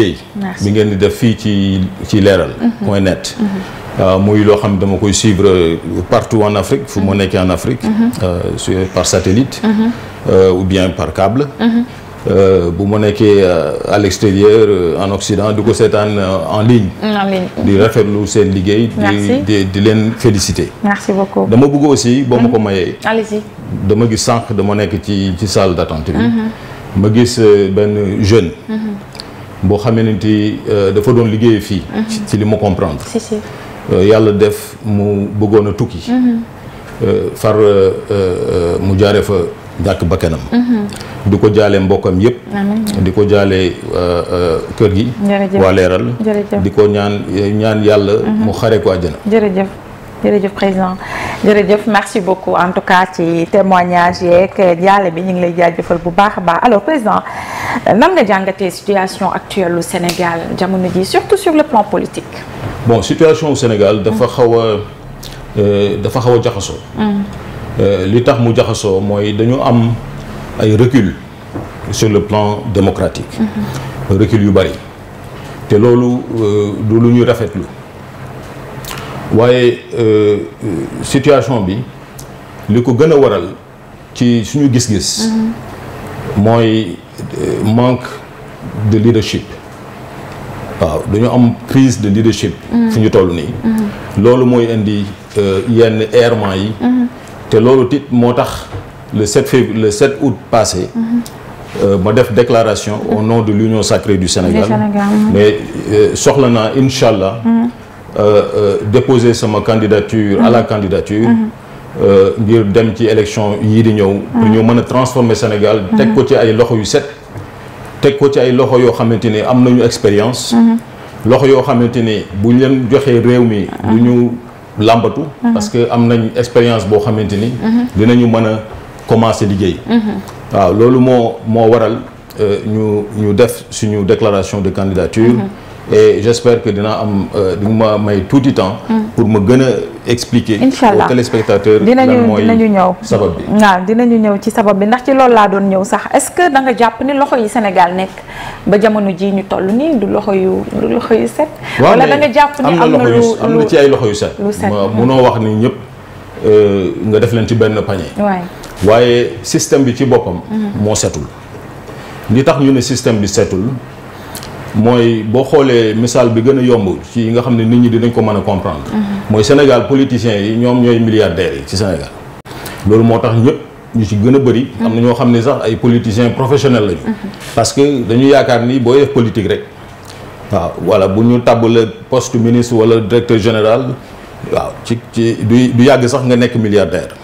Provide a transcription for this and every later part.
bi ngeen di def fii ci ci leeral mhm. point net mhm. euh, muy loo xam dama koy suivre partout en Afrique fu ma mhm. nekkee en Afrique euh, par satellite euh, ou bien par câble bu ma nekkee à l'extérieur en Occident di ko seetaan en ligne di rafetlu seen liggéey di di di leen féliciter dama bëgg aussi boo ma ko mayee dama gis sànq dama nekk ci ci salle d'attente ma gis benn jeune boo xamee ne ti euh, dafa doon liggéeyee fii. Mhm. ci li ma comprendre. Euh, yàlla def mu bëggoon a tukki. Mhm. Euh, far mu jaare fa ñàkk bakkanam mhm. di ko jaale mbokkam yëpp. di ko jaale kër gi. waa leeral di ko ñaan ñaan yàlla. mu xare ko àjjana. jërëjëf président jërëjëf merci beaucoup en tout cas ci témoignage yeeg jaale bi ñu ngi lay jaajëfal bu baax a baax alors président nan nga jàngatee situation actuelle lu Sénégal jamono ji surtout sur le plan politique. bon situation au Sénégal dafa mm. xaw a euh, dafa xaw a jaxasoo. Mm. Euh, li tax mu jaxasoo mooy dañu am ay recul sur le plan démocratique. Mm-hmm. recul yu bari te loolu euh, du lu ñuy rafetlu. waaye euh, euh, situation bi li ko gën a waral ci suñu gis-gis mhm. mooy euh, manque de leadership waaw dañoo am crise de leadership mhm. fu ñu toll nii mhm. loolu mooy indi yenn errements yi te loolu tit moo tax le 7 février le 7 août passé Euh, ma def déclaration au nom de l'Union sacrée du Sénégal, mais soxla naa incha allah Euh, euh, déposé sama candidature à la candidature mhm. euh, ngir dem ci élection yii di ñëw pour mhm. ñu mën a transformer Sénégal mhm. teg ko ci ay loxo yu set teg ko ci ay loxo yoo xamante ni am nañu expérience loxo yoo xamante ni bu ñu leen joxee réew mi lu ñu làmbatu parce que am nañu expérience boo xamante ni dinañu mën a commencer liggéey waaw loolu moo moo waral ñu ñu def suñu déclaration de candidature et j'espère que dinaa am euh, di ma may tuuti temps. Hmm. pour ma gën a expliquer. incha allah aux téléspectateurs lan mooy dinañu ñëw sabab bi. waaw dinañu ñëw ci sabab bi ndax ci loolu laa doon ñëw sax est-ce que da nga jàpp ni loxo yi Sénégal nekk ba jamono ji ñu toll nii du loxo yu du loxo yu set. wala da nga jàpp ni am na lu am na ci ay loxo yu set. lu set munoo wax ni ñëpp euh, nga def leen ci benn panier. waay waaye système bi ci boppam. Hmm. moo setul li tax ñu ne système bi setul. mooy boo xoolee misaal bi gën a yomb ci yi nga xam ne nit ñi dinañ ko mën a comprendre. Mhm. mooy Sénégal politiciens yi ñoom ñooy milliardaires yi ci Sénégal. loolu moo tax ñëpp ñu ci gën a bëri. Mhm. am na ñoo xam ne sax ay politiciens professionnels lañu. Mhm. parce que dañu yaakaar ni booy def rek. waaw voilà bu ñu tàbbalee poste ministre wala directeur général waaw ci ci du du yàgg sax nga nekk milliardaire.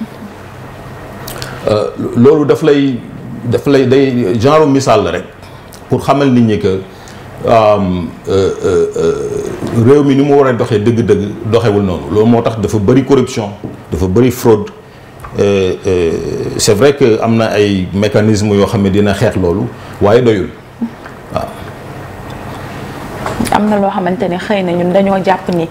Euh, loolu daf lay daf lay day genre misaal la rek pour xamal nit ñi que. Euh, euh, euh, réew mi ni mu war a doxee dëgg-dëgg doxewul noonu loolu moo tax dafa bëri corruption dafa bëri fraude c'est vrai que am na ay mécanismes yoo xam ne dina xeex loolu waaye doyul waaw. am na loo xamante ne xëy na ñun dañoo jàpp ni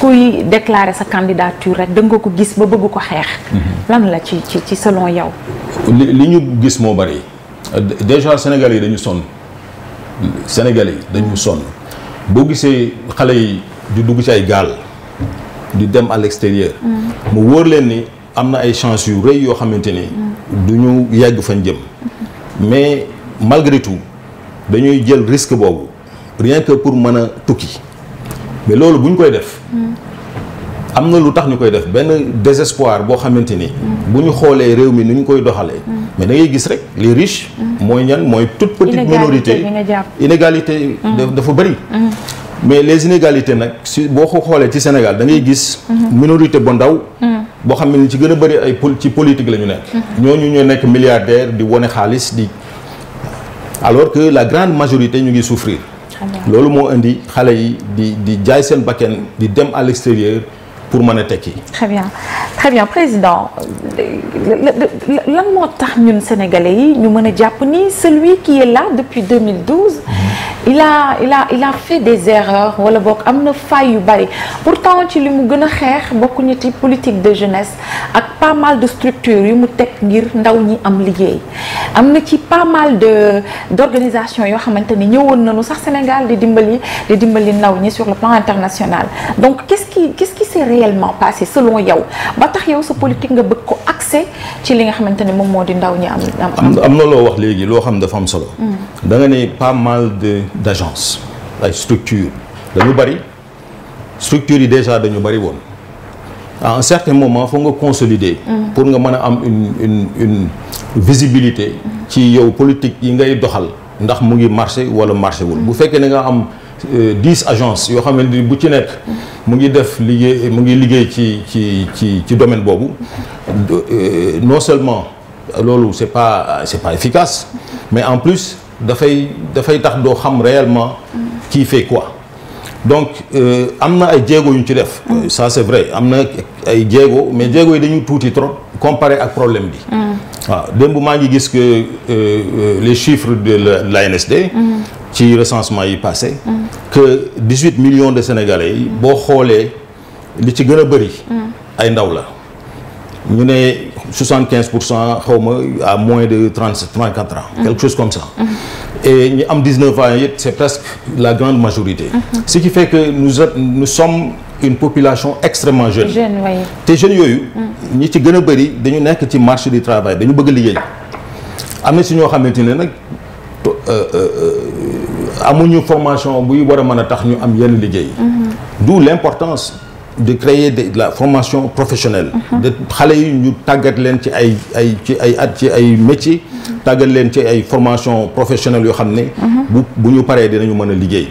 kuy déclarer sa candidature rek da nga ko gis ba bëgg ko xeex. Mm-hmm. lan la ci ci ci selon yow. li li ñu gis moo bëri déjà Sénégal yi dañu sonn. Sénégalais yi dañu sonn boo gisee xale yi di dugg ci ay gaal di dem à l'extérieur mm. mu wóor leen ni am na ay chance yu rëy yoo xamante ni mm. du ñu yegg fañ jëm mm-hmm. mais malgré tout dañuy jël risque boobu rien que pour mën a tukki mais loolu bu ñu koy def mm. am na lu tax ñu koy def benn désespoir boo xamante ni. bu ñu xoolee réew mi nu ñu koy doxalee. mais da ngay gis rek les riches. mooy ñan mooy tout petite minorité inégalité mm-hmm. dafa bëri. Mm-hmm. mais les inégalités nag si boo ko xoolee ci Sénégal da gis. Mm-hmm. minorité bu ndaw. boo xam ne ci gën a bëri ay ci politique la ñu nekk. ñooñu ñoo nekk milliardaire di wane xaalis di alors que la grande majorité ñu ngi souffrir. Ah loolu moo indi xale yi di di jaay seen bakkan di dem à l'extérieur. pour mën a tekki. très bien très bien président lan moo tax ñun sénégalais yi ñu mën a jàpp ni celui qui est là depuis 2012. il a il a il a fait des erreurs wala boog am na failles yu bari pourtant ci li mu gën a xeex bokkuñu ci politique de jeunesse ak pas mal de structures yu mu teg ngir ndaw ñi am liggéey am na ci pas mal de d'organisations yoo xamante ni ñëwoon nañu sax Sénégal di dimbali di dimbali ndaw ñi sur le plan international donc qu'est-ce ce qui s'est réellement passé selon yow ba tax yow sa politique nga bëgg ko accès ci li nga xamante ne moom moo di ndaw ñi am. am na loo wax léegi loo xam dafa am solo. Hmm. da nga pas mal de d' agence ay structure dañu bëri structures yi déjà dañu bëri woon à un certain moment foog nga consolider. Hmm. pour nga mën a am une une une visibilité. ci yow politique yi ngay doxal. ndax mu ngi marché wala marché wul. Hmm. bu fekkee ne nga am. Euh, dix agences yoo xam ne bu ci nekk mu ngi def liggéey mu ngi liggéey ci ci ci ci domaine boobu euh, non seulement loolu c'est pas c'est pas efficace mais en plus dafay dafay tax doo xam réellement kii fait quoi donc euh, am na ay jéego yu ñu ci def ça c'est vrai am na ay jéego mais jéego yi dañu tuuti trop comparé ak problème bi mm. waaw démb maa ngi gis que les chiffres de l'ANSD ci recensement yi passé que dix huit millions de sénégalais yi boo xoolee li ci gën a bëri ay ndaw la ñu ne soixante quinze pour cent xaw ma à moins de trente trente quatre ans quelque chose comme ça et ñu am dix neuf ans yëpp c'est presque la grande majorité ce qui fait que nous sommes une population extrêmement jeune te jeunes yooyu ñi ci gën a bëri dañu nekk ci marché du travail dañu bëgg liggéey am si ñoo xamante ne nag euh, euh, euh, amuñu formation buy war a mën a tax ñu am yenn liggéey. Mhm. d'où l'importance de créer de la formation professionnelle. Mhm. de xale yu ñu tàggat leen ci ay ay ci ay at ci ay métiers. Mhm. tàggat leen ci ay formation professionnelle yoo xam ne. bu bu ñu paree dinañu mën a liggéey.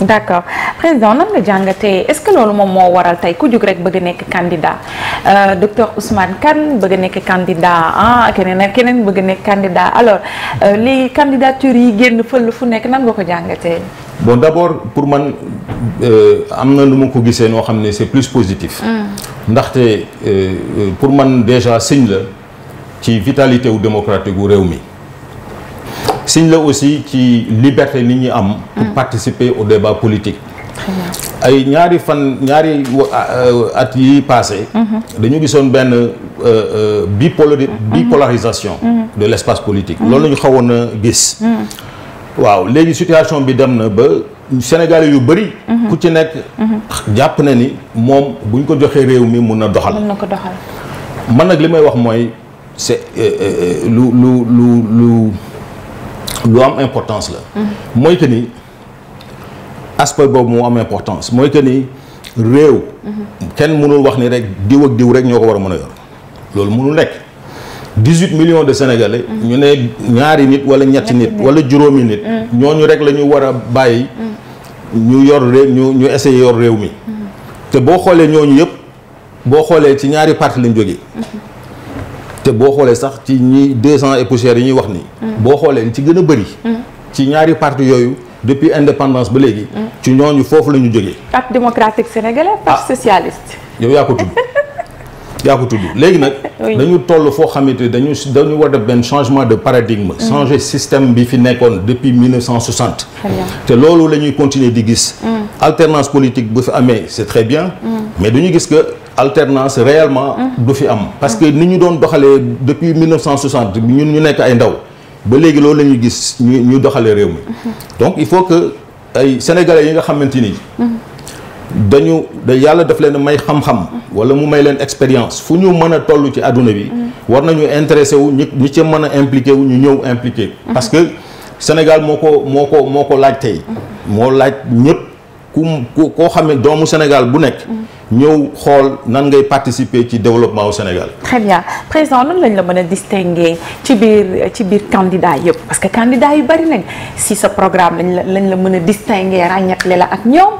d'accord président nan nga jàngatee est-ce que loolu moom moo waral tey ku jug rek bëgg nekk candidat euh, docteur Ousmane Kane bëgg nekk candidat ah keneen keneen bëgg nekk candidat alors euh, léegi candidature yi génn fël fu nekk nan nga ko jàngatee. bon d'abord pour man euh, am na lu ma ko gisee noo xam ne c'est plus positif. Mm. ndaxte pour man déjà signe la ci vitalité wu démocratique wu réew mi. siñ la aussi ci liberté li ñu am. pour mm. participer au débat politique. ay ñaari fan ñaari at yi passé mm-hmm. dañu gisoon benn euh, euh, bipolari mm-hmm. bipolarisation mm-hmm. de l'espace politique loolu lañu xawoon a gis waaw léegi situation bi dem na ba Sénégalais yu bëri ku ci nekk jàpp na ni moom buñ ko joxee réew mi mun na doxal man nag li may wax mooy c'est euh, lu lu lu lu lu am importance la. mooy que ni aspect boobu moo am importance mooy que nii réew. kenn mënul wax ni rek diw ak diw rek ñoo ko war a mën a yor loolu mënul nekk dix-huit million de sénégalais. ñu ne ñaari nit wala ñetti nit wala juróomi nit. Mm. ñooñu rek la ñu war a bàyyi. Mm. ñu yor réew ñu ñu essayer yor réew mi. Mm. te boo xoolee ñooñu yëpp boo xoolee ci ñaari parti lañ jógee. te boo xoolee sax ci ñi deux ans et poussière yi ñuy wax nii. boo xoolee ci gën a bëri. ci ñaari parti yooyu depuis indépendance ba léegi. ci ñooñu foofu la ñu jógee. parti démocratique sénégalais ah. parti socialiste. yow yaa ko tudd yaa ko tudd léegi nag. dañu toll foo xamante dañu dañu war a def benn changement de paradigme. Mm. changer système bi fi nekkoon depuis 1960. te loolu la ñuy continuer di gis. Mm. alternance politique bu fi amee c'est très bien. Mm. mais duñu gis que. alternance réellement mm-hmm. du fi am parce que mm-hmm. ni ñu doon doxalee depuis 1960 ñun ñu nekk ay ndaw ba léegi loolu la ñu gis ñu ñu doxalee réew mi mm-hmm. donc il faut que ay sénégalais yi nga xamante ni dañu da yàlla daf leen may xam-xam wala mu may leen expérience fu ñu mën a toll ci àdduna bi war nañu intéressé wu ñi ñi ci mën a impliqué wu ñu ñëw impliqué parce que Sénégal moo ko moo ko moo ko laaj tey moo laaj ñëpp ku koo xam ne doomu Sénégal bu nekk ñëw xool nan ngay participer ci développement au Sénégal. très bien président nan lañ la mën a distinguer ci biir ci biir candidat yëpp parce que candidat yu bari nañ si sa programme lañ la lañ la mën a distinguer ràññatle la ak ñoom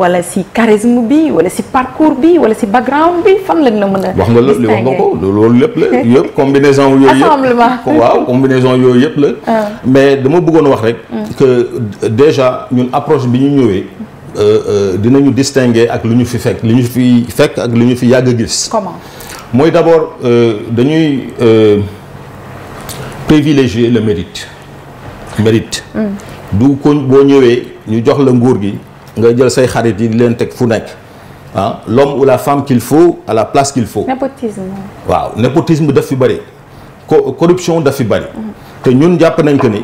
wala si charisme bi wala si parcours bi wala si background bi fan lañ la mën a. wax nga loolu wax nga ko loolu lépp la yëpp combinaison. yooyu yëpp waaw combinaison yooyu yëpp la. Ah. mais dama buggoon wax rek. Mm. que déjà ñun approche bi ñu ñëwee. Euh, euh, dinañu distinguer ak lu ñu fi fekk lu ñu fi fekk ak lu ñu fi yàgg a gis. comment mooy d' abord euh, dañuy privilégier le mérite mérite. Mm. du ko boo ñëwee ñu jox la nguur gi nga jël say xarit yi di leen teg fu nekk ah l'homme ou la femme qu'il faut à la place qu'il faut. népotisme. waaw népotisme daf fi bëri co corruption daf fi mm. te ñun jàpp nañ ko ni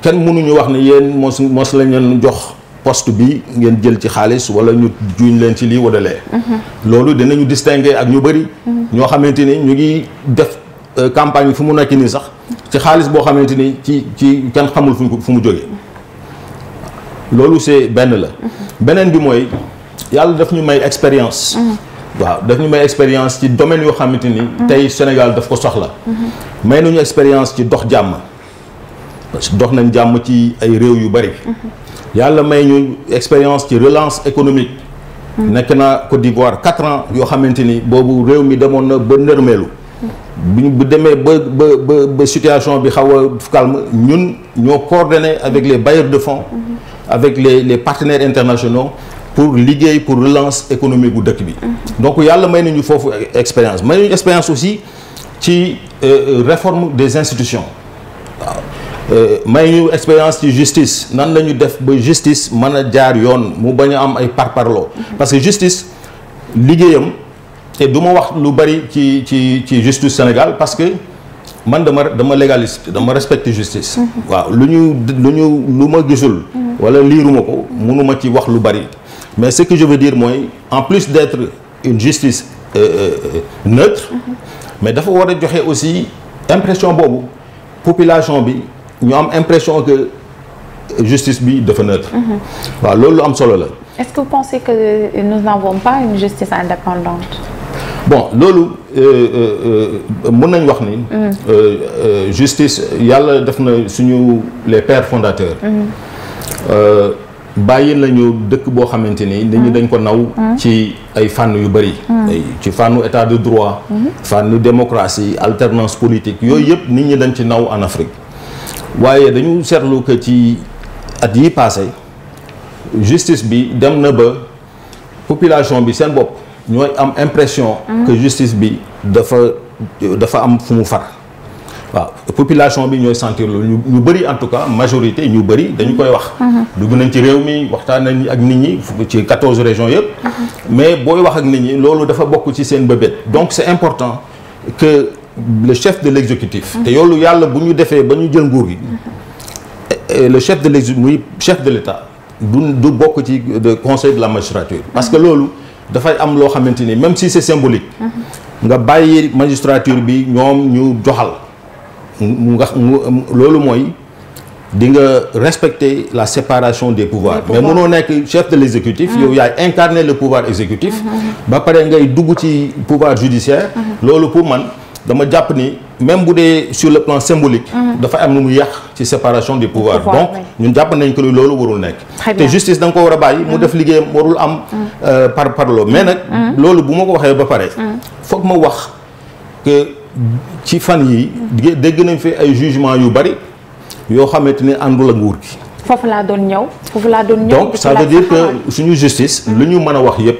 kenn mënuñu wax ne yéen mos mos lañ leen jox. poste bi ngeen jël ci xaalis wala ñu juñ leen ci lii wala loolu loolu dinañu distinguer ak ñu bëri ñoo xamante ni ñu ngi def euh, campagne bi fu mu nekk nii sax ci xaalis boo xamante ni ci ci kenn xamul fu fu mu jógee loolu c'est benn la beneen bi mooy yàlla daf ñu may expérience waaw daf ñu may expérience ci domaine yoo xamante ni tey Sénégal daf ko la may nañu expérience ci dox jàmm dox nañ jàmm ci ay réew yu bari yàlla may ñu expérience ci relance économique nekk na Côte d'Ivoire quatre ans yoo xamante ni boobu réew mi demoon na ba nërmeelu bu demee ba ba ba situation bi xaw a calme ñun ñoo coordonné avec les bailleurs de fonds avec les les partenaires internationaux pour liggéey pour relance économique bu dëkk bi donc yàlla may nañu foofu expérience may nañu expérience aussi ci euh, euh, réforme des institutions waaw Euh, may ñu expérience ci justice nan la ñu def ba justice mën a jaar yoon mu bañ a am ay parparloo parce que justice liggéeyam te du ma wax lu bari ci ci ci justice Sénégal parce que man dama dama légaliste dama respecte justice waaw lu ñu lu ñu lu ma gisul wala liiruma ko mënuma ci wax lu bari mais ce que je veux dire mooy en plus d'être une justice euh, euh, neutre mais dafa war a joxe aussi impression boobu population bi ñu am impression que justice bi dafa neutre. Mhm. waaw loolu am solo la. est-ce que vous pensez que nous n'avons pas une justice indépendante. bon loolu euh, euh, euh, mën nañ wax ni. Mhm. justice yàlla def na suñu les pères fondateurs. Mhm. bàyyi nañu dëkk boo xamante ni. nit ñi dañ ko naw. ci ay fànn yu bëri. ci fànnu état de droit. fànnu démocratie alternance politique yooyu yëpp nit ñi dañ ci naw en Afrique. waaye dañu seetlu que ci at yi passé justice bi dem na ba population bi seen bopp ñooy am impression mm-hmm. que justice bi dafa dafa am fu mu far waaw population bi ñooy sentir loolu ñu bëri en tout cas majorité ñu bëri dañu koy wax mm-hmm. dugg nañ ci réew mi waxtaan nañ ak nit ñi ci quatorze régions yëpp mm-hmm. mais booy wax ak nit ñi loolu dafa bokk ci seen bëbét donc c'est important que le chef de l'exécutif te yoolu yàlla bu ñu defee ba ñu jël nguur gi le chef de l'exécutif muy chef de l'État du du bokk ci de conseil de la magistrature parce que loolu dafay am loo xamante ni même si c'est symbolique nga bàyyi magistrature bi ñoom ñu joxal nga loolu mooy di nga respecter la séparation des pouvoirs mais mënoo nekk chef de l'exécutif mm-hmm. yow yaay incarner le pouvoir exécutif mm-hmm. ba pare ngay dugg ci pouvoir judiciaire mm-hmm. loolu pour man dama jàpp ni même bu dee sur le plan symbolique. Mhm. dafa am na mu yàq ci séparation des pouvoirs. donc ñun jàpp nañ que ni loolu warul nekk. te justice danga ko war a bàyyi. mu mhm. def liggéeyam warul am. Mhm. Euh, par parlo mais nag. loolu bu ma ko waxee ba pare. foog ma wax que ci fan yi dégg nañ fi ay jugement yu bari yoo xamante ne àndul ak nguur gi. foofu laa doon ñëw foofu laa doon ñëw donc ça veut dire que suñu justice. lu ñu mën a wax yëpp.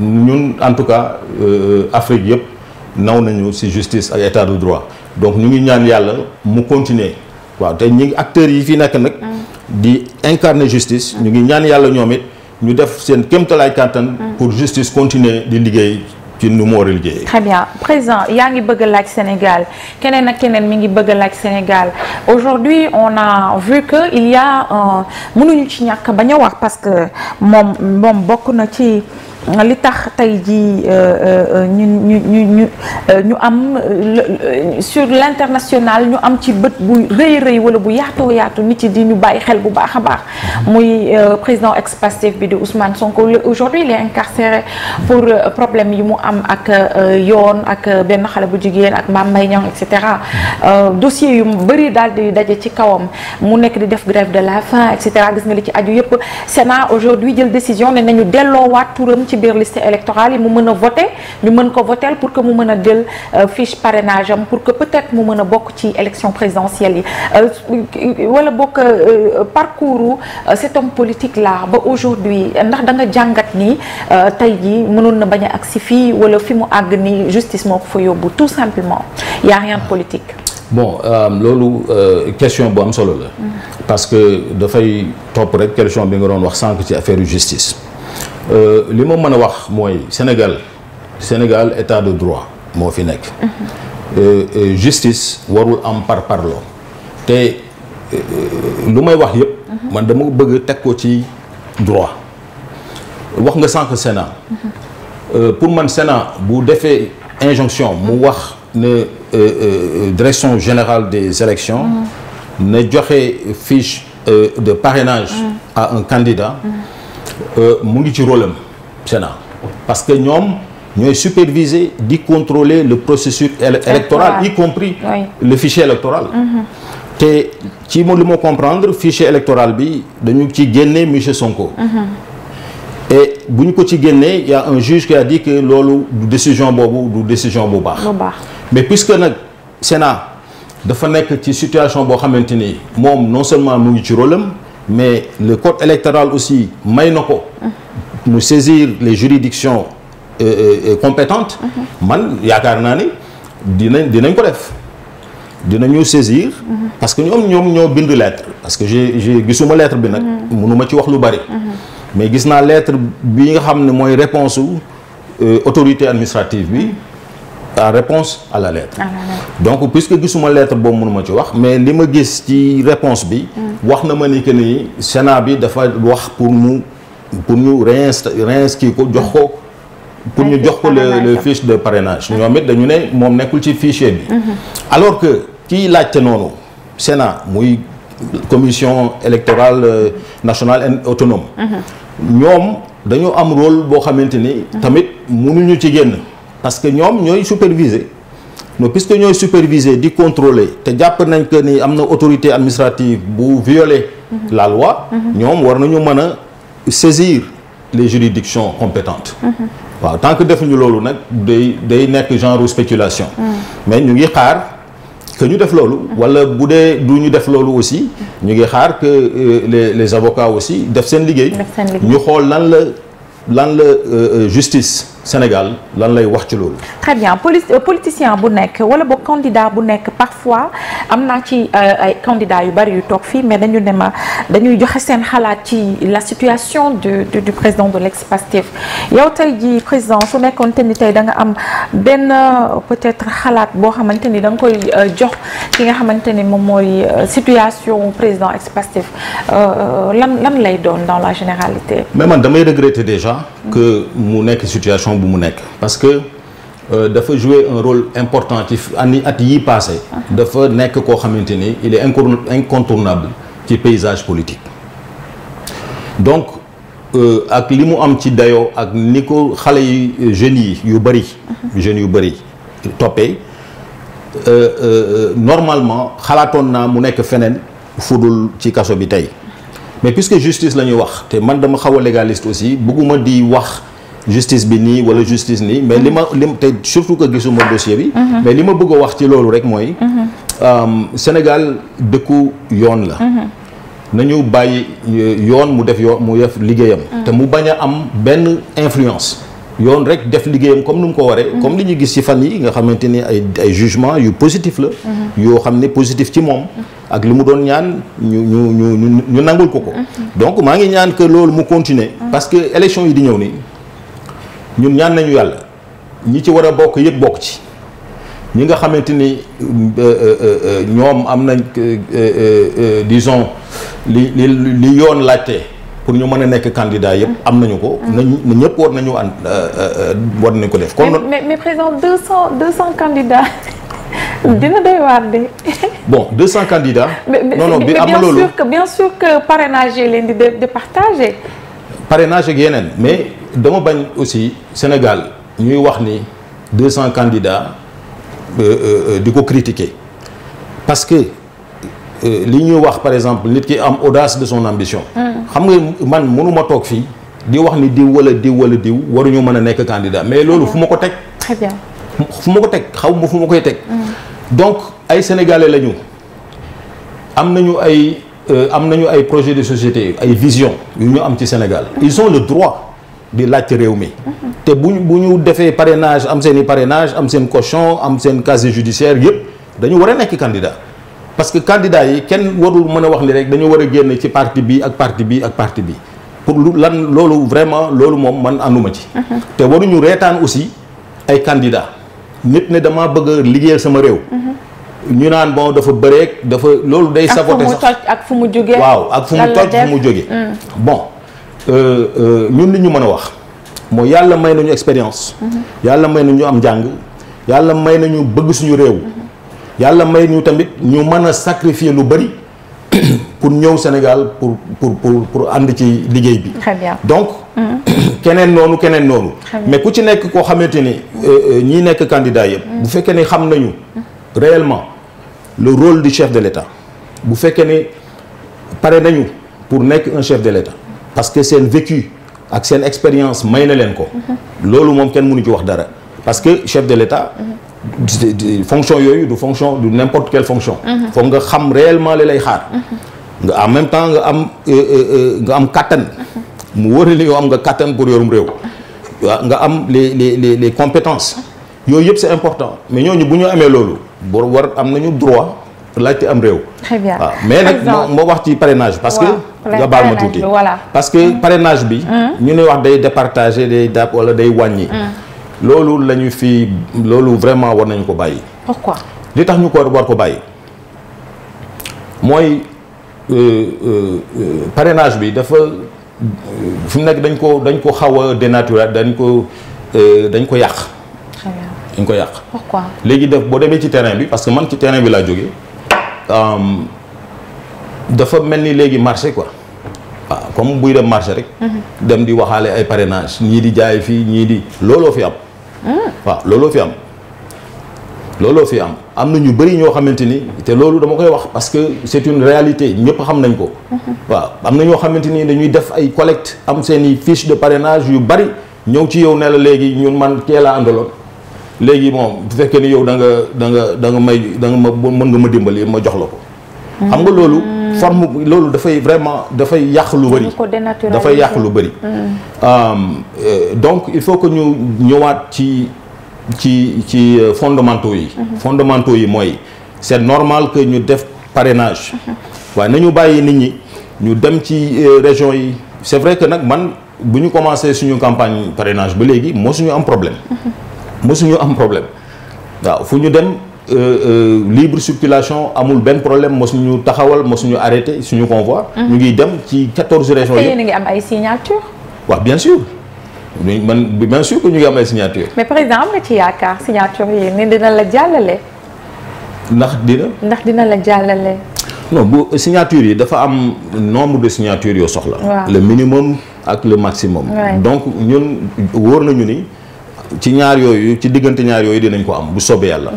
ñun en tout cas euh, Afrique yëpp. naw nañu ci justice ak état de droit donc ñu ngi ñaan yàlla mu continuer waaw te ñi acteur yi fi nekk nag. Mm. di incarner justice. Mm. ñu ngi ñaan yàlla ñoom it ñu def seen kéemtalaay kàttan. Mm. pour justice continuer di liggéey. ci nu moo war a liggéeyee. très bien président yaa ngi bëgg a laaj Sénégal keneen ak keneen mi ngi bëgg a laaj Sénégal aujourd'hui on a vu que il y a mënuñu ci ñàkk bañ a wax parce que moom moom bokk na ci. li tax tey jii euh, euh, euh, ñu ñu ñu ñu ñu am sur l'international ñu am ci bët bu rëy rëy wala bu yaatoo yaatu nit yi di ñu bàyyi xel bu baax a baax mm-hmm. muy président ex-Pastef bi di Ousmane Sonko aujourd'hui il est incarcéré pour problème yi mu am ak yoon ak benn xale bu jigéen ak Mame Mbaye Niang et cetera mm-hmm. dossier yu bëri daal di daje ci kawam mu nekk di def grève de la faim et gis nga li ci aju yëpp Sénat aujourd'hui jël décision ne nañu waat turam ci biir listé électorale yi mu mën a voter ñu mën ko voter pour que mu mën a jël euh, fiche parrainage pour que peut-être mu mën a bokk ci élection présidentielle yi euh, wala bokk euh, parcours cet homme politique la ba aujourd'hui ndax da jàngat ni tey jii mënoon na bañ a si fii wala fi mu àgg ni justice moo ko fa yóbbu tout simplement yaa a rien de politique bon loolu question bu am solo la mm. parce que dafay topp rek question bi nga doon wax sànq ci affaire justice Euh, li ma mën a wax mooy Sénégal Sénégal état de droit moo fi nekk. Euh, euh, justice warul am par parloo te lu may wax yépp man dama bëgg teg ko ci droit wax nga sànq Sénat pour man Sénat bu defee injonction mu wax ne direction générale des élections mm-hmm. ne joxe fiche de parrainage mm-hmm. à un candidat mm-hmm. Euh, mu ngi ci rôle am parce que ñoom ñooy superviser di contrôler le processus électoral y compris oui. le fichier électoral mm-hmm. te ci li ma comprendre fichier électoral bi dañu ci génnee monsieur Sonko mm-hmm. et bu ñu ko ci génnee y un juge qui a dit que loolu du décision boobu du décision bu baax mais puisque nag Sénat dafa nekk ci situation boo xamante ni moom non seulement mu ngi ci rôle mais le code électoral aussi may na ko mu saisir les juridictions euh, euh, euh compétentes mm-hmm. man yaakaar naa ni dinañ dinañ ko def dinañu saisir mm-hmm. parce que ñoom ñoom ñoo bind lettre parce que j'ai j'ai gisuma lettre bi nag mënuma mm-hmm. ci wax lu bari mais gis naa lettre bi nga xam ne mooy réponse euh, autorité administrative bi en réponse à la lettre. donc puisque gisuma lettre boobu mënuma ci wax mais li ma gis ci réponse bi. Mm. wax na ma ni que ni sena bi dafa wax pour mu pour ñu réinsta ki ko jox ko. pour ñu jox ko le le fiche de parrainage. ñoom it dañu ne moom nekkul ci fichier bi. Mm-hmm. alors que kii laajte noonu Sénat muy commission électorale euh, nationale et autonome. Mm-hmm. ñoom dañoo am rôle boo xamante ni. Mm-hmm. tamit mënuñu ci génn. parce que ñoom ñooy superviser no que ñooy superviser di contrôler te jàpp nañ que ni am na autorité administrative bu violer mhm. la loi mhm. ñoom war nañu mën a saisir les juridictions compétentes mhm. waaw tant que defuñu loolu nag day day nekk genre spéculation mais ñu ngi xaar que ñu def loolu wala bu dee du ñu def loolu aussi ñu ngi xaar que euh, les les avocats aussi def seen liggéey ñu xool lan la lan la euh, euh, justice Sénégal lan lay wax ci loolu. très bien poli euh, politicien bu nekk wala boog candidat bu nekk parfois am naa ci euh, ay candidats yu bari yu toog fii mais dañu ne ma dañuy joxe seen xalaat ci la situation du du, du président de l'ex-Pastef yow tey jii président su nekkoonte ni tey da nga am benn euh, peut-être xalaat boo xamante ni da nga koy jox ki nga xamante ni moom mooy situation président ex-Pastef lan lan lay doon dans la généralité. mais man damay regretter déjà. que mu nekk situation. situation bu mu nekk parce que euh, dafa jouer un rôle important ci ani at yi passé ah. dafa nekk koo xamante ni il est incontournable ci paysage politique donc euh, ak li mu am ci dayoo ak ni ko xale yi jeunes yi yu bëri uh-huh. jeunes yu bëri toppee euh, normalement xalaatoon naa mu nekk feneen fudul ci kaso bi tey mais puisque justice la wax te man dama xaw a aussi bëgguma di wax justice bi nii wala justice nii mais li ma li te surtout que gisuma dossier bi. Mhm. mais li ma bëgg wax ci loolu rek mooy. Mhm. Sénégal dëkku yoon la. Mhm. nañu bàyyi yoon mu def yoon mu def liggéeyam. te mu bañ a am benn influence. yoon rek def liggéeyam comme nu mu ko waree. comme li ñu gis ci fan yi nga xamante ni ay ay jugement yu positif la. yoo xam ne positif ci moom. ak lu mu doon ñaan ñu ñu ñu ñu nangul ko ko. donc maa ngi ñaan que loolu mu continuer parce que élection yi di ñëw nii. ñun ñaan nañu yàlla ñi ci war a bokk yëpp bokk ci ñi nga xamante ni euh, euh, euh, ñoom am nañ disons li li li yoon laajte pour ñu mën a nekk candidat yëpp am nañu ko. Mm. nañ ñëpp war nañu ànd war nañu ko def. kon mais mais président deux cent deux dina doy waar de. bon deux cent candidats. non non bi am na loolu bien sûr que bien sûr que parrainage yi leen di départager parrainage ak yeneen mais dama bañ aussi Sénégal ñuy wax ni deux cent candidats euh, euh, euh, di ko critiquer parce que li ñuy wax par exemple nit ki am audace de son ambition mm. xam nga man mënuma toog fii di wax ni diw wala diw wala diw waruñu mën a nekk candidat mais loolu mm. fu ma ko teg très fu ma ko teg xaw ma fu ma koy teg mm. donc ay sénégalais lañu am nañu ay Euh, am nañu ay projet de société ay vision yu ñu am ci Sénégal ils ont le droit di laajte réew mi te bu bu ñu defee parrainage am seen i parrainage am seen caution am seen casier judiciaire yëpp dañu war a nekk candidat parce que candidat yi kenn warul mën a wax ni rek dañu war a génn ci parti bi ak parti bi ak parti bi pour lu lan loolu vraiment loolu moom man ànduma ci te waruñu reetaan aussi ay candidat nit ne dama bëgg a liggéeyal sama réew ñu naan bon dafa bëreeg dafa loolu day saboté sax ak fu mu jógee waaw ak fu mu toj fu mu jógee mm. bon euh, euh, ñun li ñu mën a wax mooy yàlla may nañu expérience mm-hmm. yàlla may nañu am njàng yàlla may nañu bëgg suñu réew mm-hmm. yàlla may ñu tamit ñu mën a sacrifier lu bari pour ñëw Sénégal pour pour pour pour ànd ci liggéey bi donc mm-hmm. keneen noonu keneen noonu mais ku ci nekk koo xamante ni euh, ñi nekk candidat yëpp mm. bu fekkee ni xam nañu mm. réellement le rôle du chef de l'État bu fekkee ne pare nañu pour nekk un chef de l'État parce que seen vécu ak seen expérience may na leen ko loolu moom kenn mënu ci wax dara parce que chef de l'État fonction yooyu du fonction du n'importe quelle fonction foog nga xam réellement li lay xaar nga en même temps nga am euh, euh, euh, nga am kàttan mu wóor ni yow am nga kàttan pour yorum réew nga am les les les les compétences yooyu yëpp c'est important mais ñooñu bu ñu amee loolu boo war am na ñu droit laajte am réew. très ah, mais nag moo moo wax ci parrainage. parce que nga baal ma tuuti parce que mm. parrainage bi. Mm. ñu ne wax day départager day dàpp wala day wàññi. Mm. loolu lañu ñu fi loolu vraiment war nañu ko bàyyi. pourquoi li tax ñu ko war ko bàyyi mooy euh, euh, euh, parrainage bi dafa fi mu nekk dañ ko dañ ko xaw a dénaturer dañ ko dañ ko yàq. dañ ko yàq. pourquoi léegi def boo demee ci terrain bi parce que man ci terrain bi laa jógee dafa mel ni léegi marché ko waaw comme buy dem marché rek. Mhm. dem di waxaale ay parrainage ñii di jaay fii ñii di looloo fi am. Hmm. waaw looloo fi am looloo fi am am na ñu bëri ñoo xamante ni te loolu dama koy wax parce que c'est une réalité ñëpp xam nañ ko. Mhm. waaw am na ñoo xamante ni dañuy def ay collect am seen i fiche de parrainage yu bëri ñëw ci yow ne la léegi ñun man kee laa léegi moom bu fekkee ni yow da nga da nga da nga may da nga ma mën nga ma dimbali ma jox la ko. xam nga loolu forme loolu dafay vraiment dafay yàq lu bëri dafay yàq lu bëri mm. euh, donc il faut que ñu ñëwaat ci ci ci euh, fondamentaux yi mm-hmm. fondamentaux yi mooy c'est normal que ñu def parrainage mm-hmm. waaye nañu bàyyi nit ñi ñu dem ci euh, région yi c'est vrai que nag man bu ñu commencé suñu campagne parrainage ba léegi moo suñu am problème mm-hmm. mësuñu am problème waaw fu ñu dem euh, euh, libre circulation amul benn problème mosu ñu taxawal mësuñu arrêté suñu convoi. Mm-hmm. ñu ngi dem ci quatorze régions yëpp. yéen a ngi am ay signature. waaw bien sûr man bien sûr que ñu ngi am ay signature. mais président am nga ci yaakaar signature yi ne dina la jàllale. ndax dina. ndax dina la jàllale. non bu signature yi dafa am nombre de signature yoo soxla. le minimum ak le maximum. donc ñun wóor nañu ni. ci ñaar yooyu ci diggante ñaar yooyu dinañ ko am bu soobee yàlla.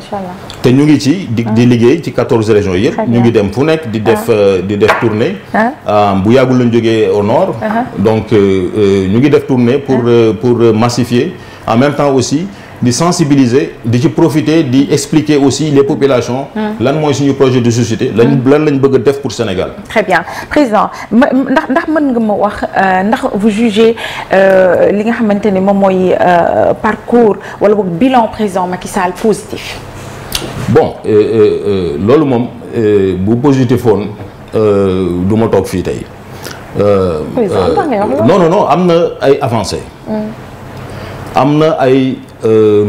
te ñu ngi ci di ah. di liggéey ci quatorze régions yëpp. ñu ngi dem fu nekk di def ah. euh, di def tournée. Ah. Euh, bu yàggul lañ jóge au nord. donc euh, ñu ngi def tournée pour pour massifier en même temps aussi. di sensibiliser di ci profiter di expliquer aussi les populations. lan mooy suñu projet de société. lan lan lañ bëgg a def pour Sénégal. très bien président ndax ndax mën nga ma wax euh, ndax vous jugez euh, li nga xamante ni moom mooy euh, parcours wala boog bilan président Macky Sall positif. bon loolu moom bu positif woon du ma toog fii tey. non non non am na ay avancées. am na ay. Euh,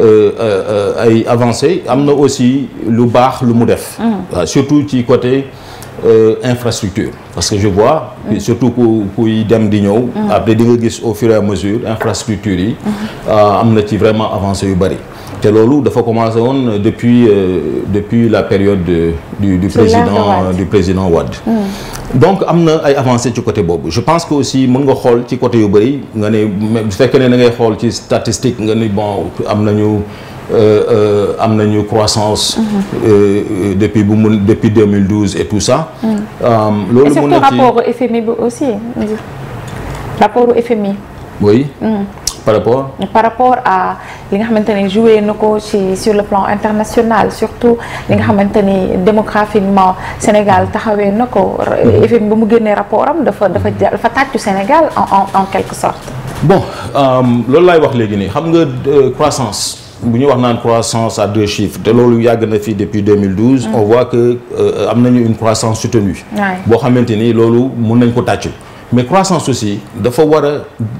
euh, euh, ay avancé am na aussi lu baax lu mu def. Mm. surtout ci côté infrastructure parce que je vois. Mm. surtout ku kuy dem di ñëw. Mm. après di nga gis au fur et à mesure infrastructure yi. am na ci vraiment avancées yu bari. te loolu dafa commencé woon depuis euh, depuis la période de, du du président du président Wade. Mm. donc am na ay avancées ci côté boobu je pense que aussi mën nga xool ci côté yu bëri nga ne bu fekkee ne da xool ci statistique nga ni bon am na ñu euh, euh, am nañu croissance. Mm -hmm. depuis bu mun depuis 2012 et tout ça. Mm. loolu mun na ci et surtout rapport au FMI bi aussi. rapport au FMI. oui. Mm. par rapport par rapport à li nga xamante ne joué na ko ci sur le plan international surtout li nga xamante ni démographiquement Sénégal taxawee na ko. effet mhm. ba mu génnee rapport am dafa dafa dafa tàccu Sénégal en en en quelque sorte. bon euh, loolu laay wax léegi nii xam nga euh, croissance. bu ñu wax naan croissance à deux chiffres te loolu yàgg na fii depuis 2012. Mhm. on voit que euh, am nañu une croissance soutenue. boo xamante ni loolu mun nañ ko tàccu. mais croissance aussi dafa war a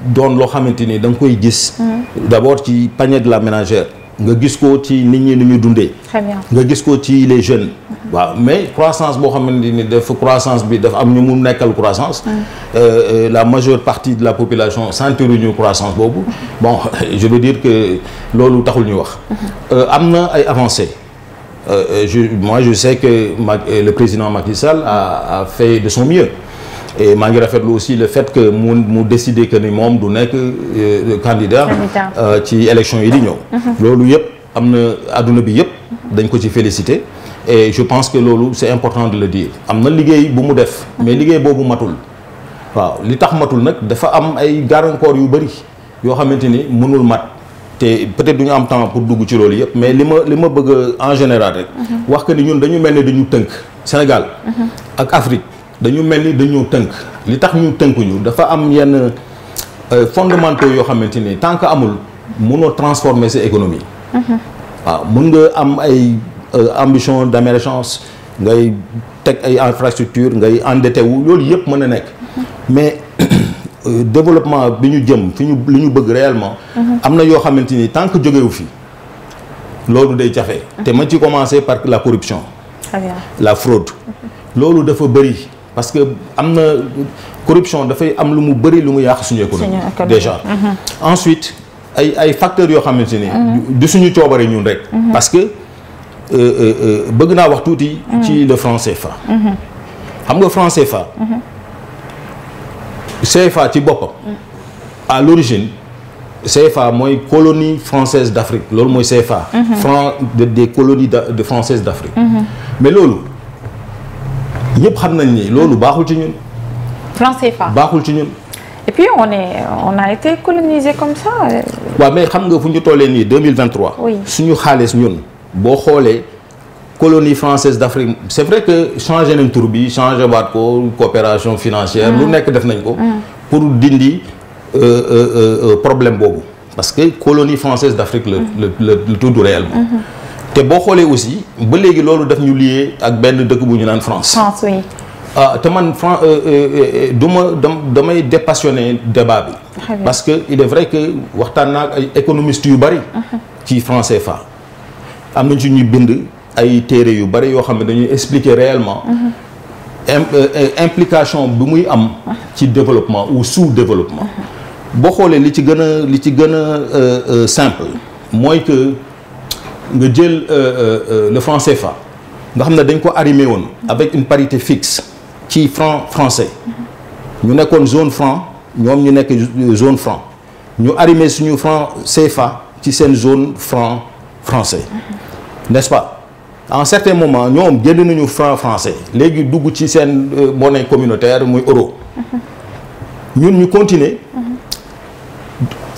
doon loo xamante ni da nga koy gis. Hmm. d'abord ci panier de la ménagère. nga gis ko ci nit ñi ni ñu dundee. nga gis ko ci les jeunes. Hmm. waaw mais croissance boo xamante ni dafa croissance bi dafa am ñu mu nekkal croissance. Hmm. Euh, euh, la majeure partie de la population sentiruñu croissance boobu. bon je veux dire que loolu taxul ñu wax. Euh, am na ay avancées. je moi je sais que le président Macky Sall a a fait de son mieux. maa ngi rafetlu aussi le fait que mu mu décider que ni moom du nekk euh, candidat euh, ci élection yi di ñëw mhm. loolu yëpp am na adduna bi yëpp dañ ko ci félicité et je pense que loolu c'est important de le dire am na liggéey bu mu def mais liggéey boobu matul waaw li tax matul nag dafa am ay garankoor yu bëri yoo xamante ni mënul mat te peut-être ñu am temps pour dugg ci loolu yëpp mais li ma li ma bëgg en général rek mhm. wax ko ni ñun dañu mel ne dañu tënk Sénégal mhm. ak dañu mel ni dañoo tënk li tax ñu tënk ñu dafa am yenn euh, fondamentaux yoo xamante ni tant que amul mënoo transformer sa économie. Mhm. waaw mun nga am ay euh, ambition d'émergence ngay teg ay infrastructure ngay endetté wu loolu yëpp mën a nekk. Mhm. mais euh, développement bi ñu jëm fi ñu lu ñu bëgg réellement. Mhm. am na yoo xamante ni tant que jógewu fi loolu day jafe. te ma ci commencer par la corruption. la fraude. loolu dafa bëri parce que am na corruption dafay am lu mu bëri lu mu yàq suñu économie déjà mhm. ensuite ay ay facteurs yoo xamante ne mhm. du suñu coobare ñun rek mhm. parce que euh, euh, euh, bëgg naa wax tuuti ci le franc CFA xam nga franc CFA CFA ci boppam à l'origine CFA mooy colonie française d'Afrique loolu mooy CFA franc des colonies de françaises d'Afrique mais loolu ñëpp xam nañ ni loolu baaxul ci ñun. franc CFA baaxul ci ñun. et puis on est a été colonisé comme ça. waaw mais xam nga fu ñu tollee nii 2023. oui suñu xaalis ñun boo xoolee. colonie française d'Afrique c'est vrai que changé nañ tur bi changé waat ko coopération financière. lu mm. nekk def nañ ko. Mm. pour dindi euh euh, euh, euh, problème boobu parce que colonie française d'Afrique la la la tudd te boo xoolee aussi ba léegi loolu def ñu lié ak benn dëkk bu ñu naan France. France oui. ah te man Fran euh, euh, euh, duma ma damay dépassionné débat bi. parce que il est vrai que waxtaan naa ak ay économistes yu bari. Uh-huh. ci franc CFA. am na ci ñuy bind ay téere yu bari yoo xam ne dañuy expliquer réellement. Uh-huh. implication bi muy am. Uh-huh. ci développement ou sous-développement. boo xoolee li ci gën a li ci gën a simple mooy que. nga jël euh, euh, euh, le franc CFA nga xam ne dañ ko arrimé woon avec une parité fixe ci franc français ñu nekkoon zone franc ñoom ñu nekk zone franc ñu arrimé suñu franc CFA ci seen zone franc français n'est-ce pas en certain moment ñoom génn nañu franc français léegi dugg ci seen monnaie communautaire muy euro ñun ñu continuer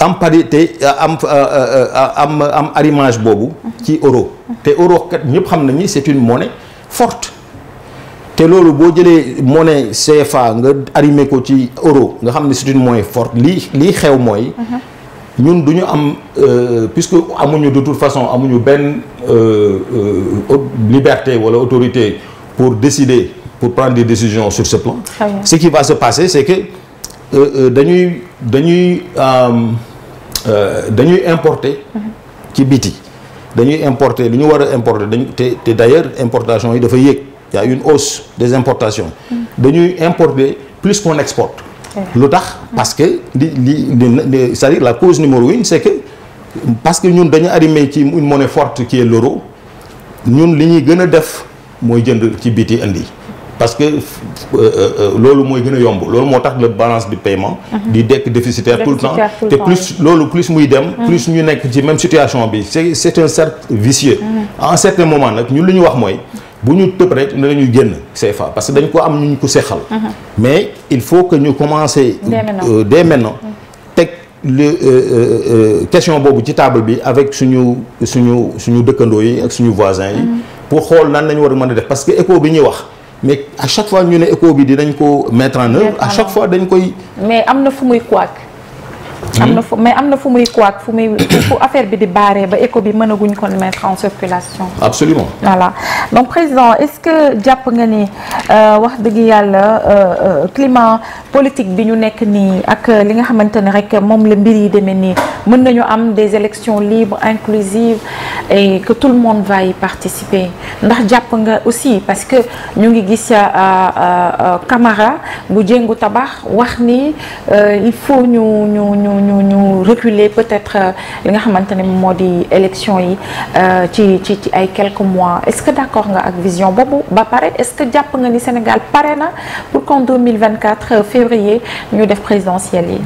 am parité euh, am euh, euh, am am arrimage boobu. ci euro. te euro kat ñëpp xam nañu ni c'est une monnaie forte. te loolu boo jëlee monnaie CFA nga arrimé ko ci euro nga xam ne c'est une monnaie forte lii lii xew mooy. ñun du ñu am puisque amuñu de toute façon amuñu benn liberté wala autorité pour décider pour prendre des décisions sur ce plan. ce qui va se passer c'est que dañuy dañuy. Euh, dañuy importer. ci biti dañuy importer lu ñu war a importer dañu te te d'ailleurs importation yi dafa yéeg y a une hausse des importations. dañuy importer plus qu'on exporte. lu tax parce que li li cest à la cause numéro une c'est que parce que ñun dañu arrimer ci une monnaie forte qui est l'euro ñun li ñuy gën a def mooy jënd ci biti indi. parce que euh, euh, loolu mooy gën a yomb loolu moo tax la balance du paiement. Mhm. di dekk déficitaire tout le temps te plus loolu plus muy dem. Mhm. plus ñu nekk ci même situation bi c'est c'est un cercle vicieux. à mhm. un certain moment nag ñun li ñu wax mooy. bu ñu tëb rek ne ñu génn CFA parce que dañ ko am ñu ko seexal. mais il faut que ñu commencer. dès maintenant euh, teg le question boobu ci table bi avec suñu suñu ñu dëkkandoo yi ak suñu voisins yi. pour xool nan la war a mën a def que éco bi ñuy wax. mais à chaque fois ñu ne éco bi dinañ ko mettre en œuvre à chaque fois dañ koy. mais am na fu muy Mhm. am mais am na fu muy kuwaak fu muy fu affaire bi di bare ba éco bi mënaguñ ko mettre en circulation. absolument voilà donc président est-ce que jàpp nga ni euh, wax dëgg yàlla euh, euh, climat politique bi ñu nekk nii ak li nga xamante ne rek moom la mbir yi demee nii mën nañu am des élections libres inclusives et que tout le monde va y participer ndax jàpp nga aussi parce que ñu ngi gis Camara bu jëngu tabax wax ni il faut ñu ñu ñu. ñu ñu reculer peut-être euh, li nga xamante ne moo di élection yi euh, ci ci ci ay quelques mois est-ce que d'accord nga ak vision boobu ba pare est-ce que jàpp nga ni Sénégal pare na pour qu'en 2024 euh, février ñu def présidentielle yi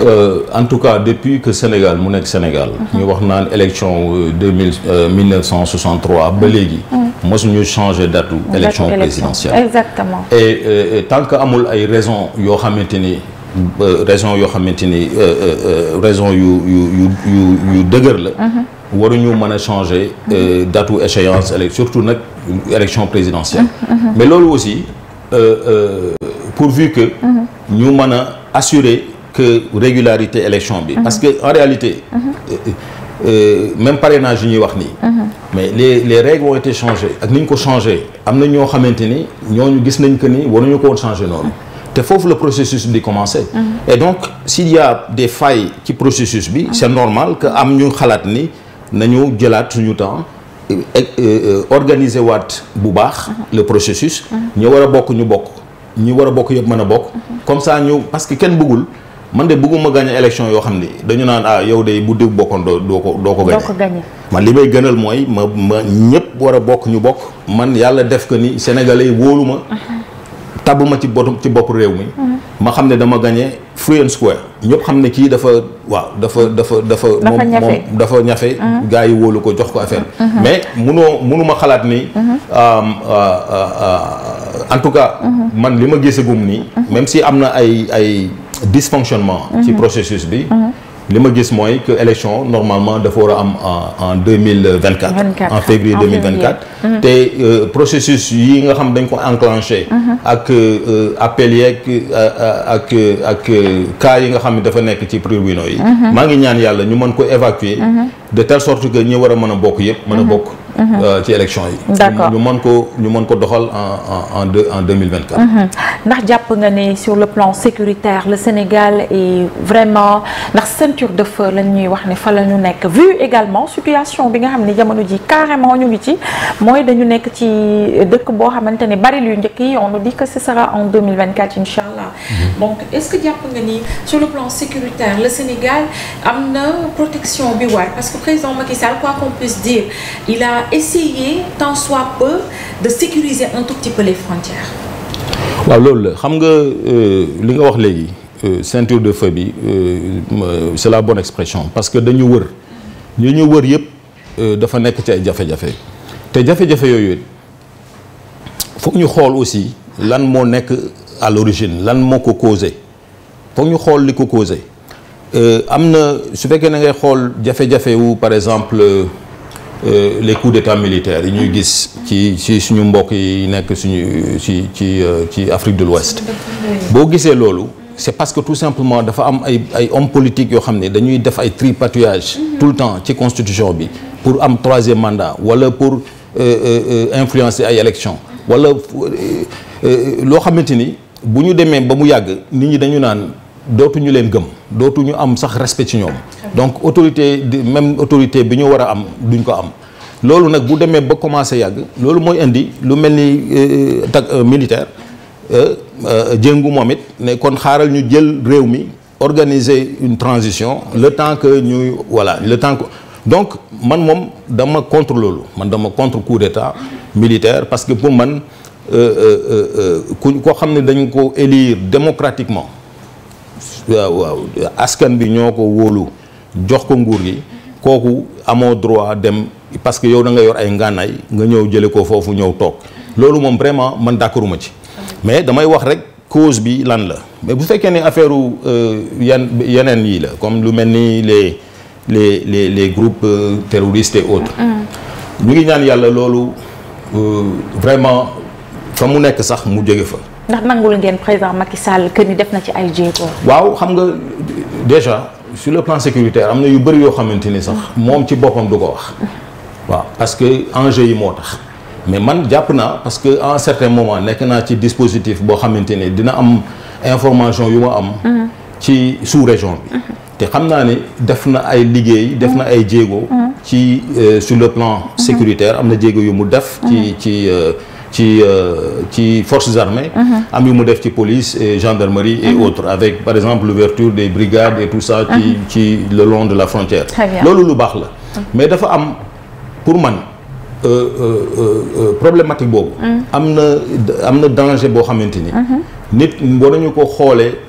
Euh, en tout cas depuis que Sénégal mu nekk Sénégal. Mhm. ñu wax naan élection deux mille mille neuf cent soixante ba mhm. léegi. Mhm. mosuñu changé datu. élection présidentielle exactement. et euh, tant que amul ay raisons yoo xamante ni. raison yoo xamante ni euh, euh, euh, raison yu yu yu dëgër la mhm. waruñu mën a changer mhm. date u échéance surtout nag élection présidentielle mhm, mais loolu aussi pourvu que ñu mën a assurer que régularité élection bi parce que en réalité Euh, même parrainage yu ñuy wax nii. mais les les règles ont été changées ak ni ñu ko changé am na ñoo xamante ni ñooñu gis nañ que ni waruñu ko woon changé noonu. te foofu le processus bi di commencer. Mhm. et donc si y a des failles ci processus bi. Mhm. c'est normal que am ñu xalaat ni nañu jëlaat suñu temps. Eh, eh, eh, organiser waat bu baax. Mhm. la processus. ñu war a bokk ñu bokk. ñu war a bokk yëpp mën a bokk. comme ça ñu parce que kenn bëggul man de bëgguma gagner élection yoo xam ni dañu naan ah yow de bu diw doo ko doo ko man li may gënal mooy ma ma ñëpp war a bokk ñu bokk. man yàlla def ko ni sénégalais yi tabu ma ci bopp ci bopp réew mi. Mm-hmm. ma xam ne dama gagné free and square. ñëpp xam ne kii dafa waaw dafa dafa dafa. dafa moom moom dafa ñafe. Mm-hmm. gars yi wóolu ko jox ko affaire mm-hmm. mais munoo munuma xalaat ni. en tout cas. man li ma gisagum nii. même si am na ay ay dysfonctionnement. ci processus bi. li ma gis mooy que élection normalement dafa war a am en en deux mille vingt quatre. en février deux mille mm-hmm. te euh, processus yi nga xam dañ ko enclenché. Mm-hmm. ak euh, appel yeek euh, ak ak cas yi nga xam ne dafa nekk ci tribunaux yi. Mm-hmm. maa ngi ñaan yàlla ñu mën ko évacuer. de telle sorte que ñi war a mën a bokk yëpp mën a bokk. Euh, mhm. ci élection yi. d'accord ñu mën ko ñu mën ko doxal en en deux en deux mille vingt quatre. Mhm. ndax jàpp nga ne sur le plan sécuritaire le Sénégal est vraiment ndax ceinture de feu lañ ñuy wax ne fa la ñu nekk vu également situation bi nga xam ne jamono ji carrément ñu ngi ci mooy dañu nekk ci dëkk boo xamante ne bari lu njëkk yi on nous dit que ce sera en deux mille vingt quatre incha allah. Mhm. donc est-ce que jàpp nga ni sur le plan sécuritaire le Sénégal am na protection bi war parce que président Macky Sall quoi qu'on puisse dire il a à essayer tant soit peu de sécuriser un tout petit les frontières. waaw loolu la xam nga euh, li nga wax léegi euh, ceinture de feu bi euh, c'est la bonne expression parce que dañu wër ñu ñu wër yépp dafa nekk ci ay jafe-jafe te jafe-jafe yooyu foog ñu xool aussi lan moo nekk à l'origine lan moo ko causé foog ñu xool li ko causé am na su fekkee na xool jafe-jafe par exemple. Euh, les coups d'état militaires yi ñuy gis ci ci suñu mbokk yi nekk suñu ci ci euh, ci Afrique de l'Ouest boo gisee loolu c'est parce que tout simplement dafa am ay ay hommes yoo xam ne dañuy def ay tripatouillage mhm. tout le temps ci constitution bi pour am troisième mandat wala pour euh, influencer ay élections wala loo xamante ni bu ñu demee ba mu yàgg nit ñi dañu naan dootuñu leen gëm dootuñu am sax respect ci ñoom donc autorité même autorité bi ñu war a am duñ ko am loolu nag bu demee ba commencé yàgg loolu mooy indi lu mel ni euh, tak euh, militaire jéngu euh, moom it ne kon xaaral ñu jël réew mi organiser une transition le temps que ñuy voilà le temps que donc man moom dama contre loolu man dama contre coup d'état militaire parce que pour man ku koo xam ne dañ ko élire démocratiquement waaw waaw askan bi ñoo ko wóolu jox ko nguur gi kooku amoo droit dem parce que yow da nga yor ay ngànnaay nga ñëw jële ko foofu ñëw toog loolu moom vraiment man d'accorduma ci mais damay wax rek cause bi lan la mais bu sekkee ne affaire euh, yan yeneen yii la comme lu mel ni les les les les groupes euh, terroristes et autres mm. ñu ngi ñaan yàlla loolu euh, vraiment fa mu nekk sax mu jóge fa ndax nangul ngeen président Macky Sall que ni def na ci ay jéego waaw xam nga déjà sur le plan sécuritaire am na yu bëri yoo xamante ni sax ah. moom ci boppam du ko wax waaw parce que enjeu yi moo tax mais man jàpp naa parce que en un certain moment nekk naa ci dispositif boo xamante ni dina am information yu ma am mm-hmm. ci sous région bi mm-hmm. te xam naa ni def na ay liggéey def na ay jéego mm-hmm. ci euh, su le plan sécuritaire am na jéego yu mu def ci ci euh, ci euh, ci forces armées mhm. am yu mu def ci police et gendarmerie et mhm. autres avec par exemple l'ouverture des brigades et tout ça ci mhm. ci le long de la frontière loolu lu baax la mais dafa am pour man euh, euh, problématique boobu am na danger boo xamante ni nit war nañu ko xoolee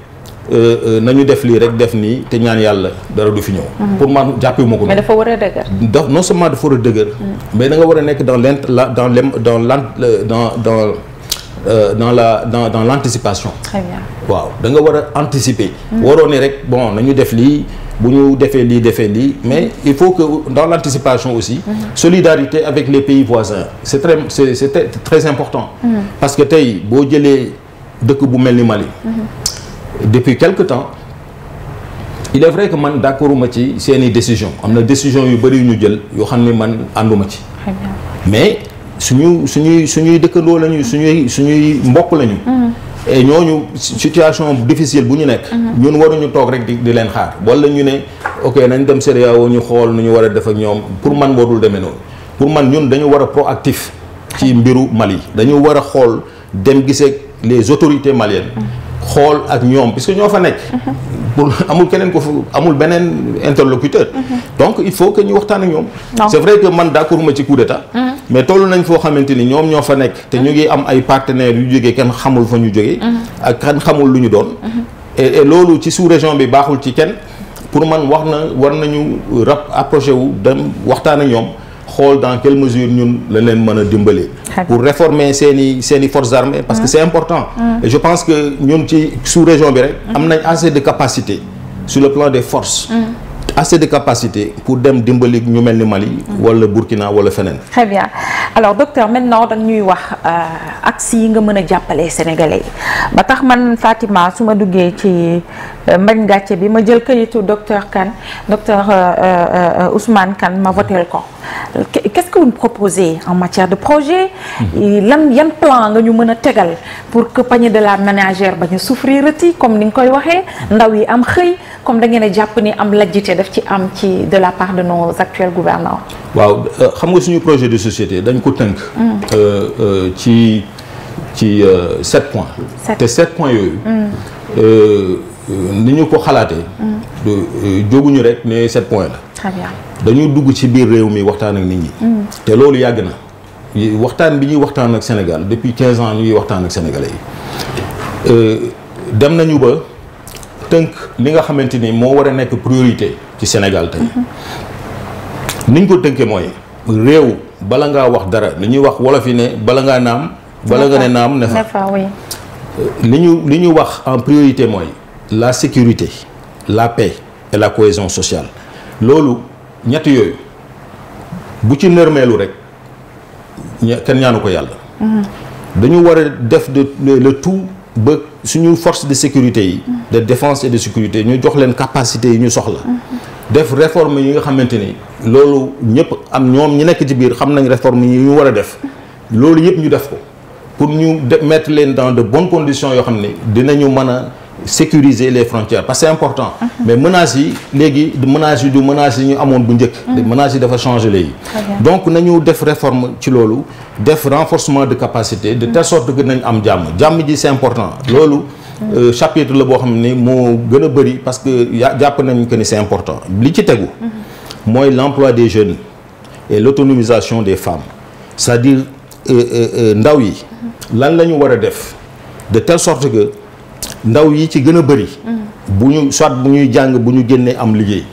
Euh, euh, nañu def lii rek def nii te ñaan yàlla dara du fi ñëw. Mm-hmm. pour man jàppee ma ko. mais dafa war a dëgër. da non seulement dafa war a dëgër. Mm. mais da nga war a nekk dans l' int la dans l' dans euh, dans dans. Euh, dans la dans dans l'anticipation. Très bien. waaw da nga war a anticiper. Mm. waroo ne rek bon nañu def lii bu ñu defee lii defee lii mais mm. il faut que dans l'anticipation aussi. Mmh. solidarité avec les pays voisins c'est très c'est c'est très important. Mmh. parce que tey boo jëlee dëkk bu mel ni Mali. Mmh. depuis quelque temps il est vrai que man d'accorduma ci seeni décision am na décision yu bëri yu ñu jël yoo xam ne man ànduma ci mais suñu suñuy suñuy dëkkandoo ñuy suñuy suñuy mbokk lañu mm-hmm. et ñooñu situation difficile bu ñu nekk mm-hmm. ñun waruñu toog rek di di leen xaar wala ñu ne ok nañ dem CEDEAO ñu xool nu ñu war a def ak ñoom pour man warul demee noonu pour man ñun dañu war a actif ci mbiru Mali dañu war a xool dem gisee les autorités maliennes mm-hmm. xool ak ñoom puisque ñoo fa nekk. Mhm. pour amul keneen ko fu amul beneen interlocuteur. Mhm. donc il faut que ñu waxtaan ak ñoom. c'est vrai que man d'accord ma ci coup d'état. Mhm. mais toll nañ foo xamante ni ñoom ñoo fa nekk. te ñu ngi am ay partenaire yu jógee kenn xamul fa ñu jóge ak kenn xamul lu ñu doon. loolu ci sous-région bi baaxul ci kenn pour man wax na war nañu rap approché wu dem waxtaan ak ñoom. xool dans quelle mesure ñun la leen mën a dimbali pour réformer seen i seen i forces armées parce que mmh. c'est important mmh. et je pense que ñun ci sous région bi rek mmh. am nañ assez de capacité sur le plan des forces assez de capacité pour dem dimbali ñu mel ni Mali wala Burkina wala feneen très bien alors docteur maintenant danga ñuy wax euh, axes yi nga mën a jàppale sénégalais ba tax man Fatima su ma duggee ci euh, mbañ gàcce bi ma jël këyitu docteur Kane docteur euh, Ousmane Kane ma votel ko qu'est-ce que vous proposez en matière de projet mhm. lan yan plan nga ñu mën a tegal pour que panier de la ménagère bañ a souffrir comme ni nga koy waxee ndaw yi am xëy comme da ngeen jàpp ni am lajjite def ci am ci de la part de nos actuels gouvernants waaw euh, xam nga suñu projet de société dañ ko tënk mm. euh, euh, ci ci sept points te sept points yooyu mm. ni ñu ko xalaatee mm. jóguñu rek ne sept points la dañu dugg ci biir réew mi waxtaan ak nit ñi. Mm. te loolu yàgg na waxtaan bi ñuy waxtaan ak Sénégal depuis 15 ans ñuy waxtaan ak sénégalais euh, dem nañu ba tënk li nga xamante ni moo war a nekk priorité ci Sénégal tey mm-hmm. niñ ko tënkee mooy réew bala ngaa wax dara li ñuy wax wolof yi ne bala ngaa naam. bala nga ne naam ne fa euh, li ñu li ñu wax en priorité mooy la sécurité la paix et la cohésion sociale loolu. ñetti yooyu bu ci nërmeelu rek kenn ñaanu ko yàlla. dañu war a def de le tout ba suñu force de sécurité yi. de défense et de sécurité ñu jox leen capacité yi ñu soxla. def réforme yi nga xamante ni loolu ñëpp am ñoom ñi nekk ci biir xam nañ réforme yi ñu war a def loolu yëpp ñu def ko pour ñu mettre leen dans de bonnes conditions yoo xam ne dinañu mën a. sécuriser les frontières parce que important mhm. mais menaces yi léegi menaces yi du menaces yi ñu amoon bu njëkk mhm. menaces yi dafa changer léegi donc nañu def réforme ci loolu def renforcement de capacité de telle mhm. sorte que nañu am jàmm jàmm ji c'est important loolu euh, chapitre la boo xam ne moo gën a bëri parce que jàpp nañ que ni c'est important li ci tegu mooy l'emploi des jeunes et l'autonomisation des femmes c'est-à-dire euh, euh, ndaw yi lan la ñu war a def de telle sorte que ndaw yi ci gën a bëri. Mm-hmm. bu ñu soit bu ñuy jàng bu ñu génnee am liggéey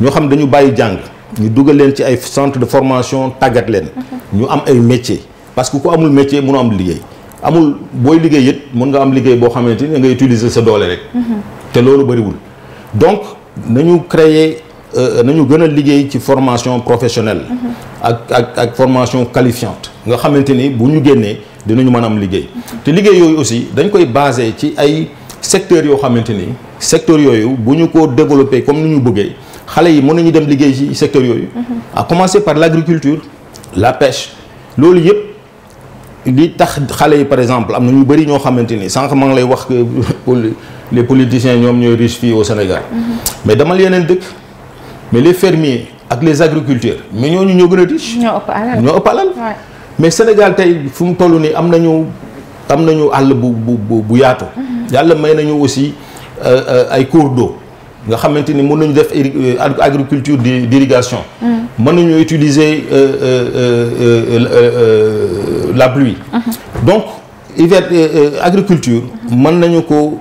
ñoo xam dañu bàyyi jàng ñu dugal leen ci ay centre de formation tàggat leen. Mm-hmm. ñu am ay métier parce que ku amul métier mënu am liggéey amul booy liggéey it mën nga am liggéey boo xamante ni nga utiliser sa doole rek. Mm-hmm. te loolu bëriwul donc nañu créer euh, nañu gën a liggéey ci formation professionnelle. ak ak ak formation qualifiante nga xamante ni bu ñu génnee dinañu mën a am liggéey. te liggéey yooyu aussi dañ koy basé ci ay. secteur yoo xamante ni secteur yooyu bu ñu ko développé comme ni ñu bëggee xale yi mën nañu dem liggéey ci secteur yooyu. Mm-hmm. à commencer par l'agriculture la pêche loolu yëpp li tax xale yi par exemple am na ñu bëri ñoo xamante ni sànq maa ngi lay wax que les politiciens ñoom ñooy riche fii au Sénégal. Mm-hmm. mais damal yeneen dëkk mais les fermiers ak les agriculture mais ñooñu ñoo gën a riche. ñoo ëpp alal ñoo mais Sénégal tey fu mu toll nii am nañu am nañu àll bu bu bu yaatu. Mm-hmm. yàlla may nañu aussi euh, euh, ay cours d'eau nga xamante ni mun nañu def euh, agriculture d'irrigation mm. mën nañu utiliser la pluie mm-hmm. donc hiver agriculture mm-hmm. mën nañu ko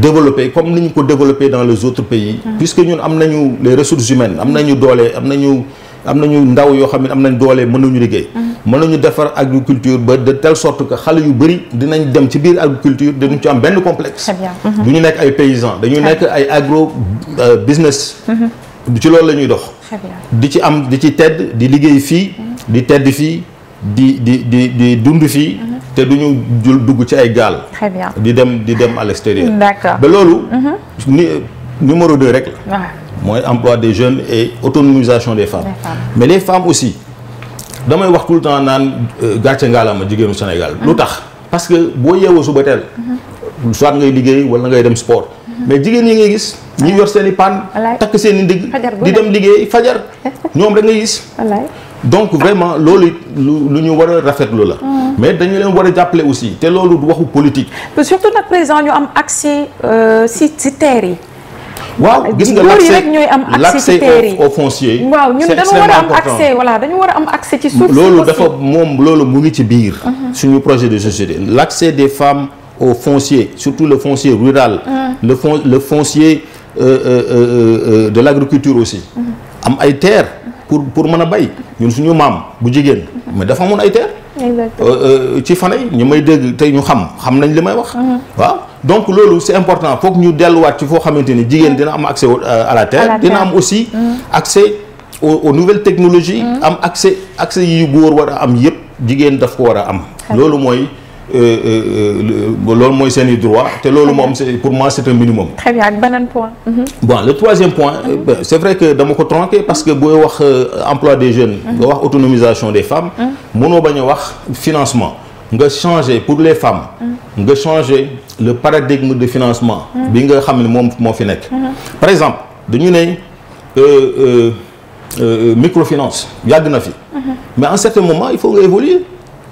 développer comme ni ñu ko développer dans les autres pays mm. puisque ñun am nañu les ressources humaines am nañu doole am nañu am nañu ndaw yoo xam ne am nañ doole mën nañu liggéey mm-hmm. mën nañu defar agriculture ba de telle sorte que xale yu bëri dinañ dem ci biir agriculture dañu ci am benn complexe mm-hmm. du ñu nekk ay paysans dañu nekk ay agro euh, business mm-hmm. ci loolu la dox di ci am di ci tedd di liggéey fii di tedd fii di di di di dund fii te du ñu jul dugg ci ay gaal di dem di dem à l'extérieur d'accord ba loolu numéro deux rek la mooy emploi des jeunes et autonomisation des femmes. des femmes mais les femmes aussi damay wax tout le temps naan euh, gàcce ngaalaama jigéenu Sénégal. lu mhm. tax parce que boo yeewoo suba teel. Mhm. soit ngay liggéey wala ngay dem sport. Mhm. mais jigéen yi ngay gis ñi yor seen i paan takk seen i ndigg di dem liggéey fajar ñoom rek ngay gis donc vraiment loolu it lu ñu war a rafetlu la mais dañu leen war a jàppale aussi te loolu waxu politique surtout nag président ñu am accès si euh, si terre yi waaw gis nga góor yi rek ñooy am accès ci terre yi au foncier waaw ñun dañu war a am accès voilà dañu war a am loolu dafa moom loolu mu ngi ci biir mhm. suñu projet de société l'accès des femmes au foncier surtout le foncier rural mhm. le fon le foncier euh, euh, euh, de l'agriculture aussi mhm. am ay terre pour pour mën a bay ñun suñu maam bu jigéen mais dafa amoon ay terre ci fan yi ñu may dégg tey ñu xam xam nañ li may wax waaw donc loolu c'est important foog ñu delluwaat ci foo xamante ni jigéen mm. dina am accès euh, à la terre dina am aussi mm. accès aux, aux nouvelles technologies mm. am accès accès yu góor war a am yépp jigéen daf ko war a am loolu mooy euh, euh, loolu mooy seen i droit te loolu moom c'est pour moi c'est un minimum. très beneen point. Mm-hmm. bon le troisième point. Mm-hmm. c'est vrai que dama ko tronqué parce que booy wax emploi des jeunes. Mm-hmm. nga wax autonomisation des femmes. mënoo bañ a wax financement. nga changer pour les femmes mm. nga changer le paradigme de financement mm. bi nga xam ne moom moo fi nekk mm-hmm. par exemple dañu ne euh, euh, euh, microfinance yàgg na fi mm-hmm. mais en certain moment il faut nga évoluer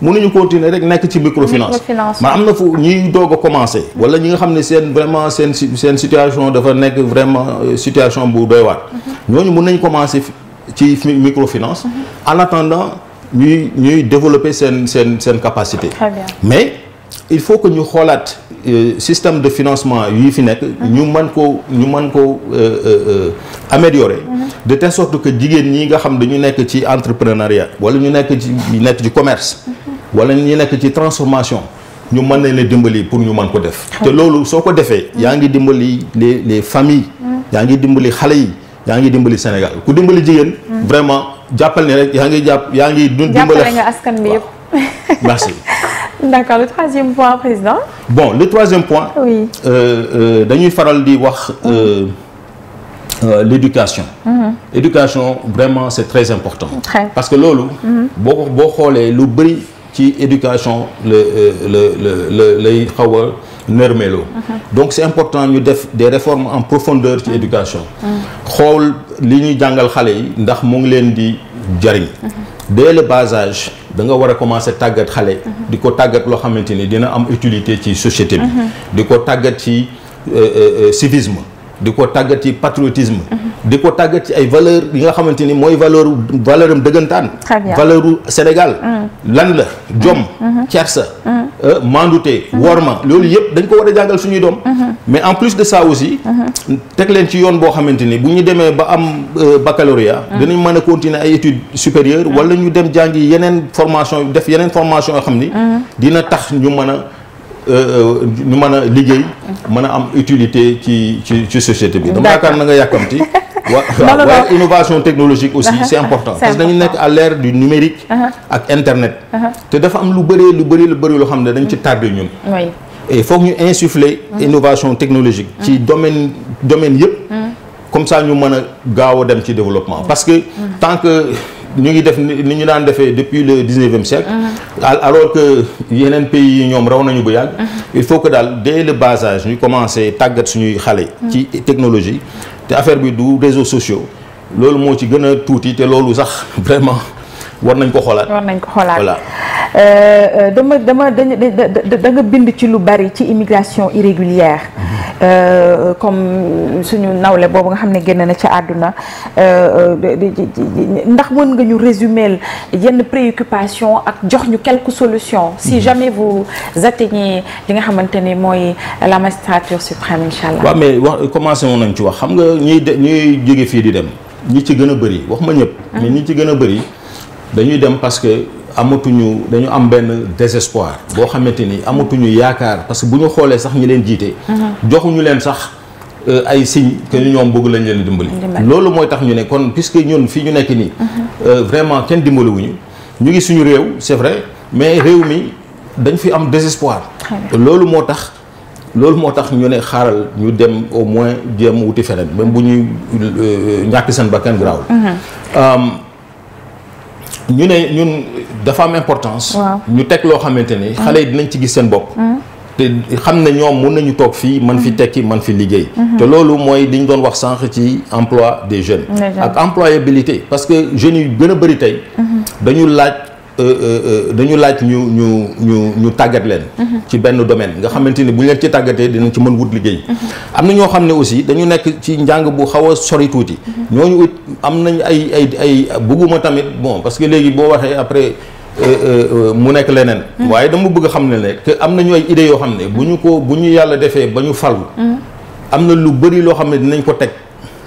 mënuñu continuer rek nekk ci microfinance man am na fu ñuy doog a commencé wala ñi nga xam ne seen vraiment seen seen situation dafa nekk vraiment situation bu doy waar mm-hmm. ñooñu mën nañ commencé ci microfinance en attendant ñuy ñuy développer seen seen seen capacité. mais il faut que ñu xoolaat euh, système de financement yii fi nekk. Mhm. ñu man ko ñu mën ko euh, euh, améliorer. Mhm. de telle sorte que jigéen ñi nga xam dañu nekk ci entrepreneuriat wala ñu nekk ci ñu nekk ci commerce. Mhm. wala ñu nekk ci transformation. ñu mën nañ la dimbali pour ñu mën ko def. te loolu soo ko defee. yaa ngi dimbali les les familles. yaa ngi dimbali xale yi. yaa ngi dimbali Sénégal ku dimbali jigéen. vraiment. jàppal ne rek yaa ngi jàpp yaa ngi. dund jàppale nga askan bi yëpp. merci. d'accord le troisième point président. bon le troisième point. Euh, euh, dañuy faral di wax. Euh, mhm. l'éducation mhm. éducation vraiment c'est très important parce que loolu mhm. boo xoolee lu bari ci éducation lay xaw nërmeelu uh-huh. donc c'est important ñu def des réformes en profondeur ci uh-huh. éducation uh-huh. xool li ñuy jàngal xale yi ndax mu ngi leen di jariñ dès le bas âge da nga war a commencer tàggat xale di ko tàggat loo xamante ni dina am utilité ci société bi di ko tàggat ci euh, euh, euh, civisme di ko tàggat ci patriotisme. di ko tàggat ci ay valeur yi nga xamante ni mooy valeur valeur am dëggantaan. valeuru Sénégal. Mm. lan la jom. Mm-hmm. Mm-hmm. kersa. mandute mm-hmm. euh, worma loolu yëpp dañ ko war a jàngal suñuy doom. mais en plus de ça aussi. teg leen ci yoon boo xamante ni bu ñu demee ba am euh, baccalauréat. Mm. dinañ mën a continuer ay études supérieures. Mm. wala ñu dem jàngi yeneen formation def yeneen formation yoo xam ni. dina tax ñu mën Euh, euh, ñu mën a liggéey. mën a am utilité ci ci ci société bi. dama yaakaar na nga yàkkamti. waaw waaye innovation technologique aussi c'est important parce que dañu nekk à l'ère du numérique. Uh-huh. ak internet. Uh-huh. te dafa am lu bëree lu bëri lu bëri loo xam ne dañ ci tardé ñun. et foog ñu insuffler uh-huh. innovation technologique. ci domaine domaine yëpp. comme ça ñu mën a gaaw a dem ci développement parce que tant que. ñu ngi def ni ñu daan defee depuis le dix-neuvième siècle uh-huh. alors que yeneen pays yi ñoom raw nañu bu yàgg uh-huh. il faut que daal dès le bas ñu commencé tàggat suñuy xale uh-huh. ci technologie te affaire bi du réseaux sociaux loolu moo ci gën a tuuti te loolu sax vraiment war nañ ko xoolaat war nañ ko xoolaat voilà Euh, euh, dama dama dañ da nga bind ci lu bari ci immigration irrégulière euh, comme suñu nawle boobu nga xam ne génn na ci àdduna ndax mën nga ñu résumer yenn préoccupation ak jox ñu quelques solution si mhm. jamais vous atteignez li nga xamante ni mooy la magistrature suprême incha allah. waaw mais wax commencé woon nañ ci wax xam nga ñiy de ñuy jóge fii di dem ñi ci gën a bëri wax ma ñëpp. Mhm. mais ñi ci gën a bëri dañuy dem parce que. amatuñu dañu am benn désespoir boo xamante ni amatuñu yaakaar parce que bu ñu xoolee sax ñi leen jiite. Mhm. joxuñu leen sax euh, ay signes que ñoom bëgg lañ leen dimbali. loolu mooy tax ñu ne kon puisque ñun fii ñu nekk nii. Mhm. Euh, vraiment kenn dimbaliwuñu ñu ngi suñu réew c'est vrai mais réew mi dañ fi am désespoir. Ah loolu moo tax. loolu moo tax ñu ne xaaral ñu dem au moins jéem wuti feneen même bu ñuy euh, ñàkk seen bakkan garaaw mhm. ñu ne ñun dafa am importance. ñu teg loo xamante ni. xale yi dinañ ci gis seen bopp. Mm. te xam ne ñoom mun nañu toog fii man fi mm. tekki man fi liggéey. Mm-hmm. te loolu mooy li ñu doon wax sànq ci emploi des jeunes. ak employabilité parce que jeunes yu gën a bëri tey. Mm-hmm. dañu laaj. Euh, euh, euh, dañu laaj ñu ñu ñu ñu tàggat leen. Mhm. ci benn domaine nga xamante ni bu ñu leen ci tàggatee dina ci mën wut liggéey. Mhm. am na ñoo xam ne aussi dañu nekk ci njàng bu xaw a sori tuuti. Mhm. ñooñu ut am nañ ay ay ay bëgguma tamit bon parce que léegi boo waxee après mu nekk leneen. waaye dama bëgg xam ne ne que am nañu ay idées yoo xam ne bu ñu ko bu ñu yàlla defee ba ñu falu. am na lu bëri loo xam ne dinañ ko teg.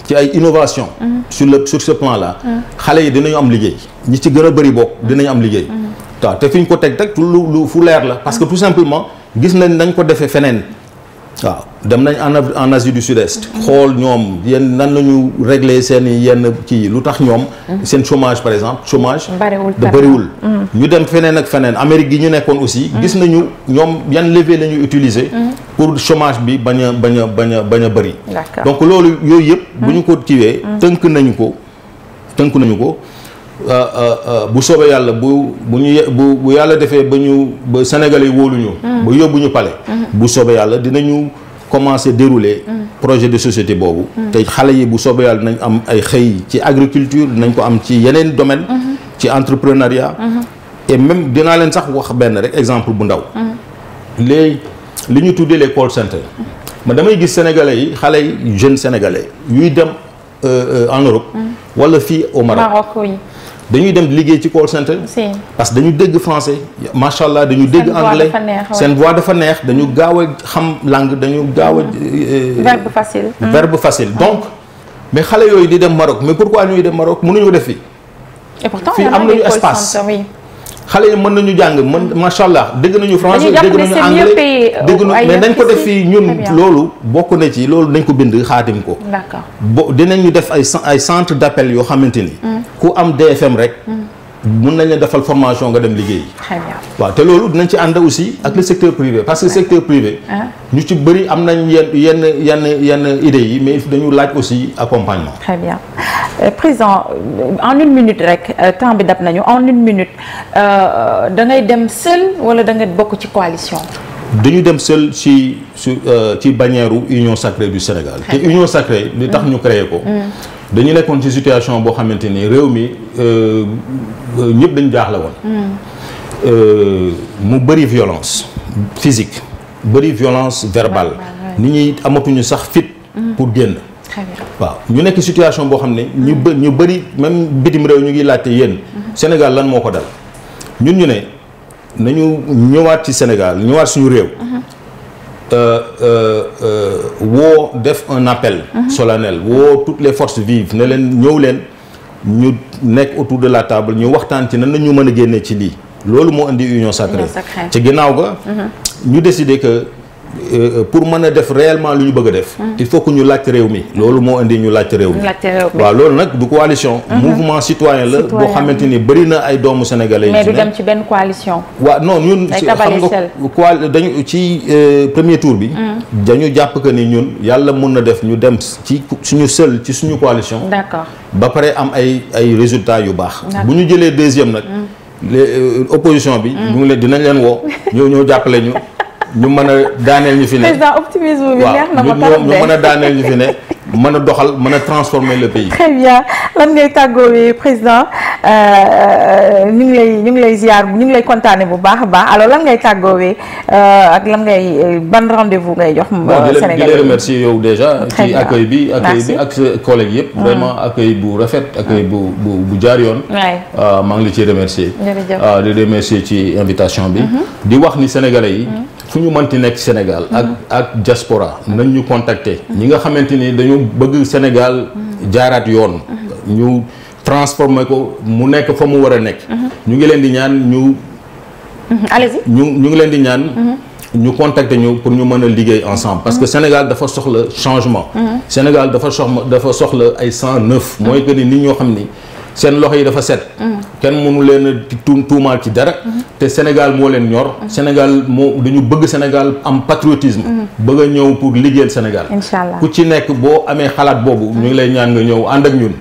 ci ay innovation mm-hmm. sur le sur ce plan là mm-hmm. xale yi dinañu am liggéey ñi ci gën a bëri bokk dinañu am liggéey mm-hmm. waaw te fi ñu ko teg teg lu lu fu leer la parce que tout simplement gis na nañ ko defee feneen waaw dem nañ en en Asie du Sud-Est xool ñoom yenn nan la ñu régler seen yenn kii lu tax ñoom seen chômage par exemple chômage da bëriwul ñu dem feneen ak feneen Amérique gi ñu nekkoon aussi gis nañu ñoom yan levier la ñuy utiliser pour chômage bi bañ a bañ a bañ a bañ a bëri. donc loolu yooyu yëpp. Hmm. bu ñu ko tiwee. Hmm. tënk nañu ko tënk nañu ko euh, euh, euh, bu soobee yàlla bu bu ñu bu bu yàlla defee ba ñu ba Sénégal yi wóoluñu. Hmm. yóbbu ñu pale. bu soobee yàlla ñu commencer dérouler. projet de société boobu. te xale yi bu soobee yàlla dinañ am ay xëy ci agriculture dinañ ko am ci yeneen domaine ci entrepreneuriat. et même dinaa leen sax wax benn rek exemple bu ndaw. li ñu tuddee les call center ma damay gis sénégalais yi xale yi jeune sénégalais yuy dem euh, euh, en Europe. Mm. wala fii au Maroc dañuy dem liggéey ci call center. parce que dañu dégg français. macha allah dañu dégg anglais seen voix dafa neex dañu gaaw a xam langue dañu gaaw a. Mm. Euh, verbe facile. Mm. verbe facile donc. mais xale yooyu di dem Maroc mais pourquoi ñuy dem Maroc mënuñu ko def fii. et pourtant fii am ñu espace xale yi mën nañu jàng mën macha allah dégg nañu français dégg nañu anglais dégg nañu mais nañ ko def fii ñun loolu bokk na ci loolu nañ ko bind xaatim ko bo ñu def ay ay centre d'appel yoo xamante ni mm. ku am DFM rek mm. mun nañ la defal formation nga dem liggéey. très bien waaw te loolu dinañ ci ànd aussi ak le secteur privé parce que secteur privé. Ah. ñu ci bëri am nañ yenn yenn yenn yenn idées yi mais dañu laaj aussi accompagnement. très bien euh, président en une minute rek euh, temps bi dab nañu en une minute euh, da ngay dem seul wala da bokk ci coalition. dañu dem seul ci su ci bannière Union Sacrée du Sénégal. te Union Sacrée li tax mm. ñu créé ko. Mm. dañu nekkoon ci situation boo xamante ni réew mi euh, euh, ñëpp dañu jaaxle woon. Hmm. Euh, mu bëri violence physique bëri violence verbale. nit ñi amatuñu sax fit. Hmm. pour génn. waaw ñu nekk situation boo xam ne ñu bë hmm. ñu bëri même bitim réew ñu ngi laajte yéen. Sénégal lan moo ko dal ñun ñu ne nañu ñëwaat ci Sénégal ñëwaat suñu réew. Euh, euh, euh, woo def un appel mhm. solennel woo toutes les forces vives ne leen ñëw leen ñu nekk autour de la table ñu waxtaan ci nan la ñu mën a génnee ci lii loolu moo indi union sacrée ci ginnaaw ga mhm. ñu décider que Euh, pour mën a def réellement lu ñu bëgg def. Hmm. il faut que ñu laajte réew mi. loolu moo indi ñu laajte réew mi. waaw loolu nag du coalition. Hmm. mouvement citoyen la boo xamante ni bëri na ay doomu sénégalais. mais du dem ci benn coalition. waaw non ñun. xam nga ci euh, premier tour bi. Hmm. dañu jàpp que ni ñun yàlla mun na def ñu dem ci suñu seul ci suñu coalition. d'accord ba pare am ay ay résultats yu baax. bu ñu jëlee deuxième nag. Euh, opposition bi. ñu ngi leen dinañ leen woo ñoo ñoo jàppale ñu. ñu mën a daaneel ñu fi ne président a daaneel ñu fi ne mën a doxal mën a transformer le pays. très bien lan ngay tàggoo bi président euh, euh, ñu ngi lay ñu ngi lay ziar ñu ngi lay kontaane bu baax a baax alors lan ngay tàggoo bi euh, ak lan ngay ban rendez-vous ngay jox. Sénégalais di leen remercier yow déjà. ci accueil bi accueil bi ak sa yëpp. Mm. vraiment accueil bu rafet. accueil bu bu bu jaar yoon. maa ngi la ciy remercier. jërëjëf di remercier ci invitation bi. Mm-hmm. di wax ni sénégalais yi. Mm. fu ñu mënti nekk Sénégal ak ak diaspora nañ ñu contacter ñi nga xamante ni dañu bëgg Sénégal jaaraat yoon ñu transformer ko mu nekk fa mu war a nekk ñu ngi leen di ñaan ñu allez ñu ñu ngi leen di ñaan ñu contacter ñu pour ñu mën a liggéey ensemble parce que Sénégal dafa soxla changement mhm. Sénégal dafa soxla dafa soxla ay sang neuf mooy que ni nit ñoo xam ni seen loxo yi dafa set. Mm. kenn mënu leen a tu tuumaal ci dara. Mm-hmm. te Sénégal moo leen ñor. Mm-hmm. Sénégal moo dañu bëgg Sénégal am patriotisme. Mm-hmm. bëgg a ñëw pour liggéeyal Sénégal. incha ku ci nekk boo amee xalaat boobu. ñu ngi lay ñaan nga ñëw ànd ak ñun.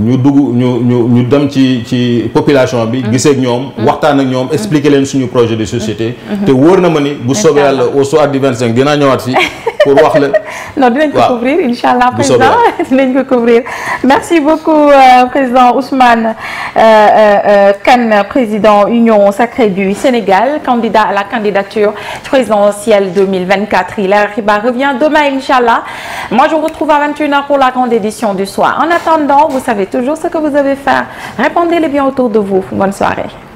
ñu dugg ñu ñu ñu dem ci ci population bi. Mm-hmm. gisee ñoom mm-hmm. waxtaan ak ñoom expliquer leen suñu projet de société. Mm-hmm. te woor na ma ni bu soobee yàlla au soir du 25 dinaa ñëwaat fii pour wax la. non dinañ ko couvrir incha allah président dinañ ko couvrir. merci beaucoup euh, président Ousmane euh, euh, euh, président Union Sacrée du Sénégal candidat à la candidature présidentielle 2024 Hilaire Riba revient demain incha allah moi je vous retrouve à 21h pour la grande édition du soir en attendant vous savez. toujours ce que vous avez faire répondez-les bien autour de vous bonne soirée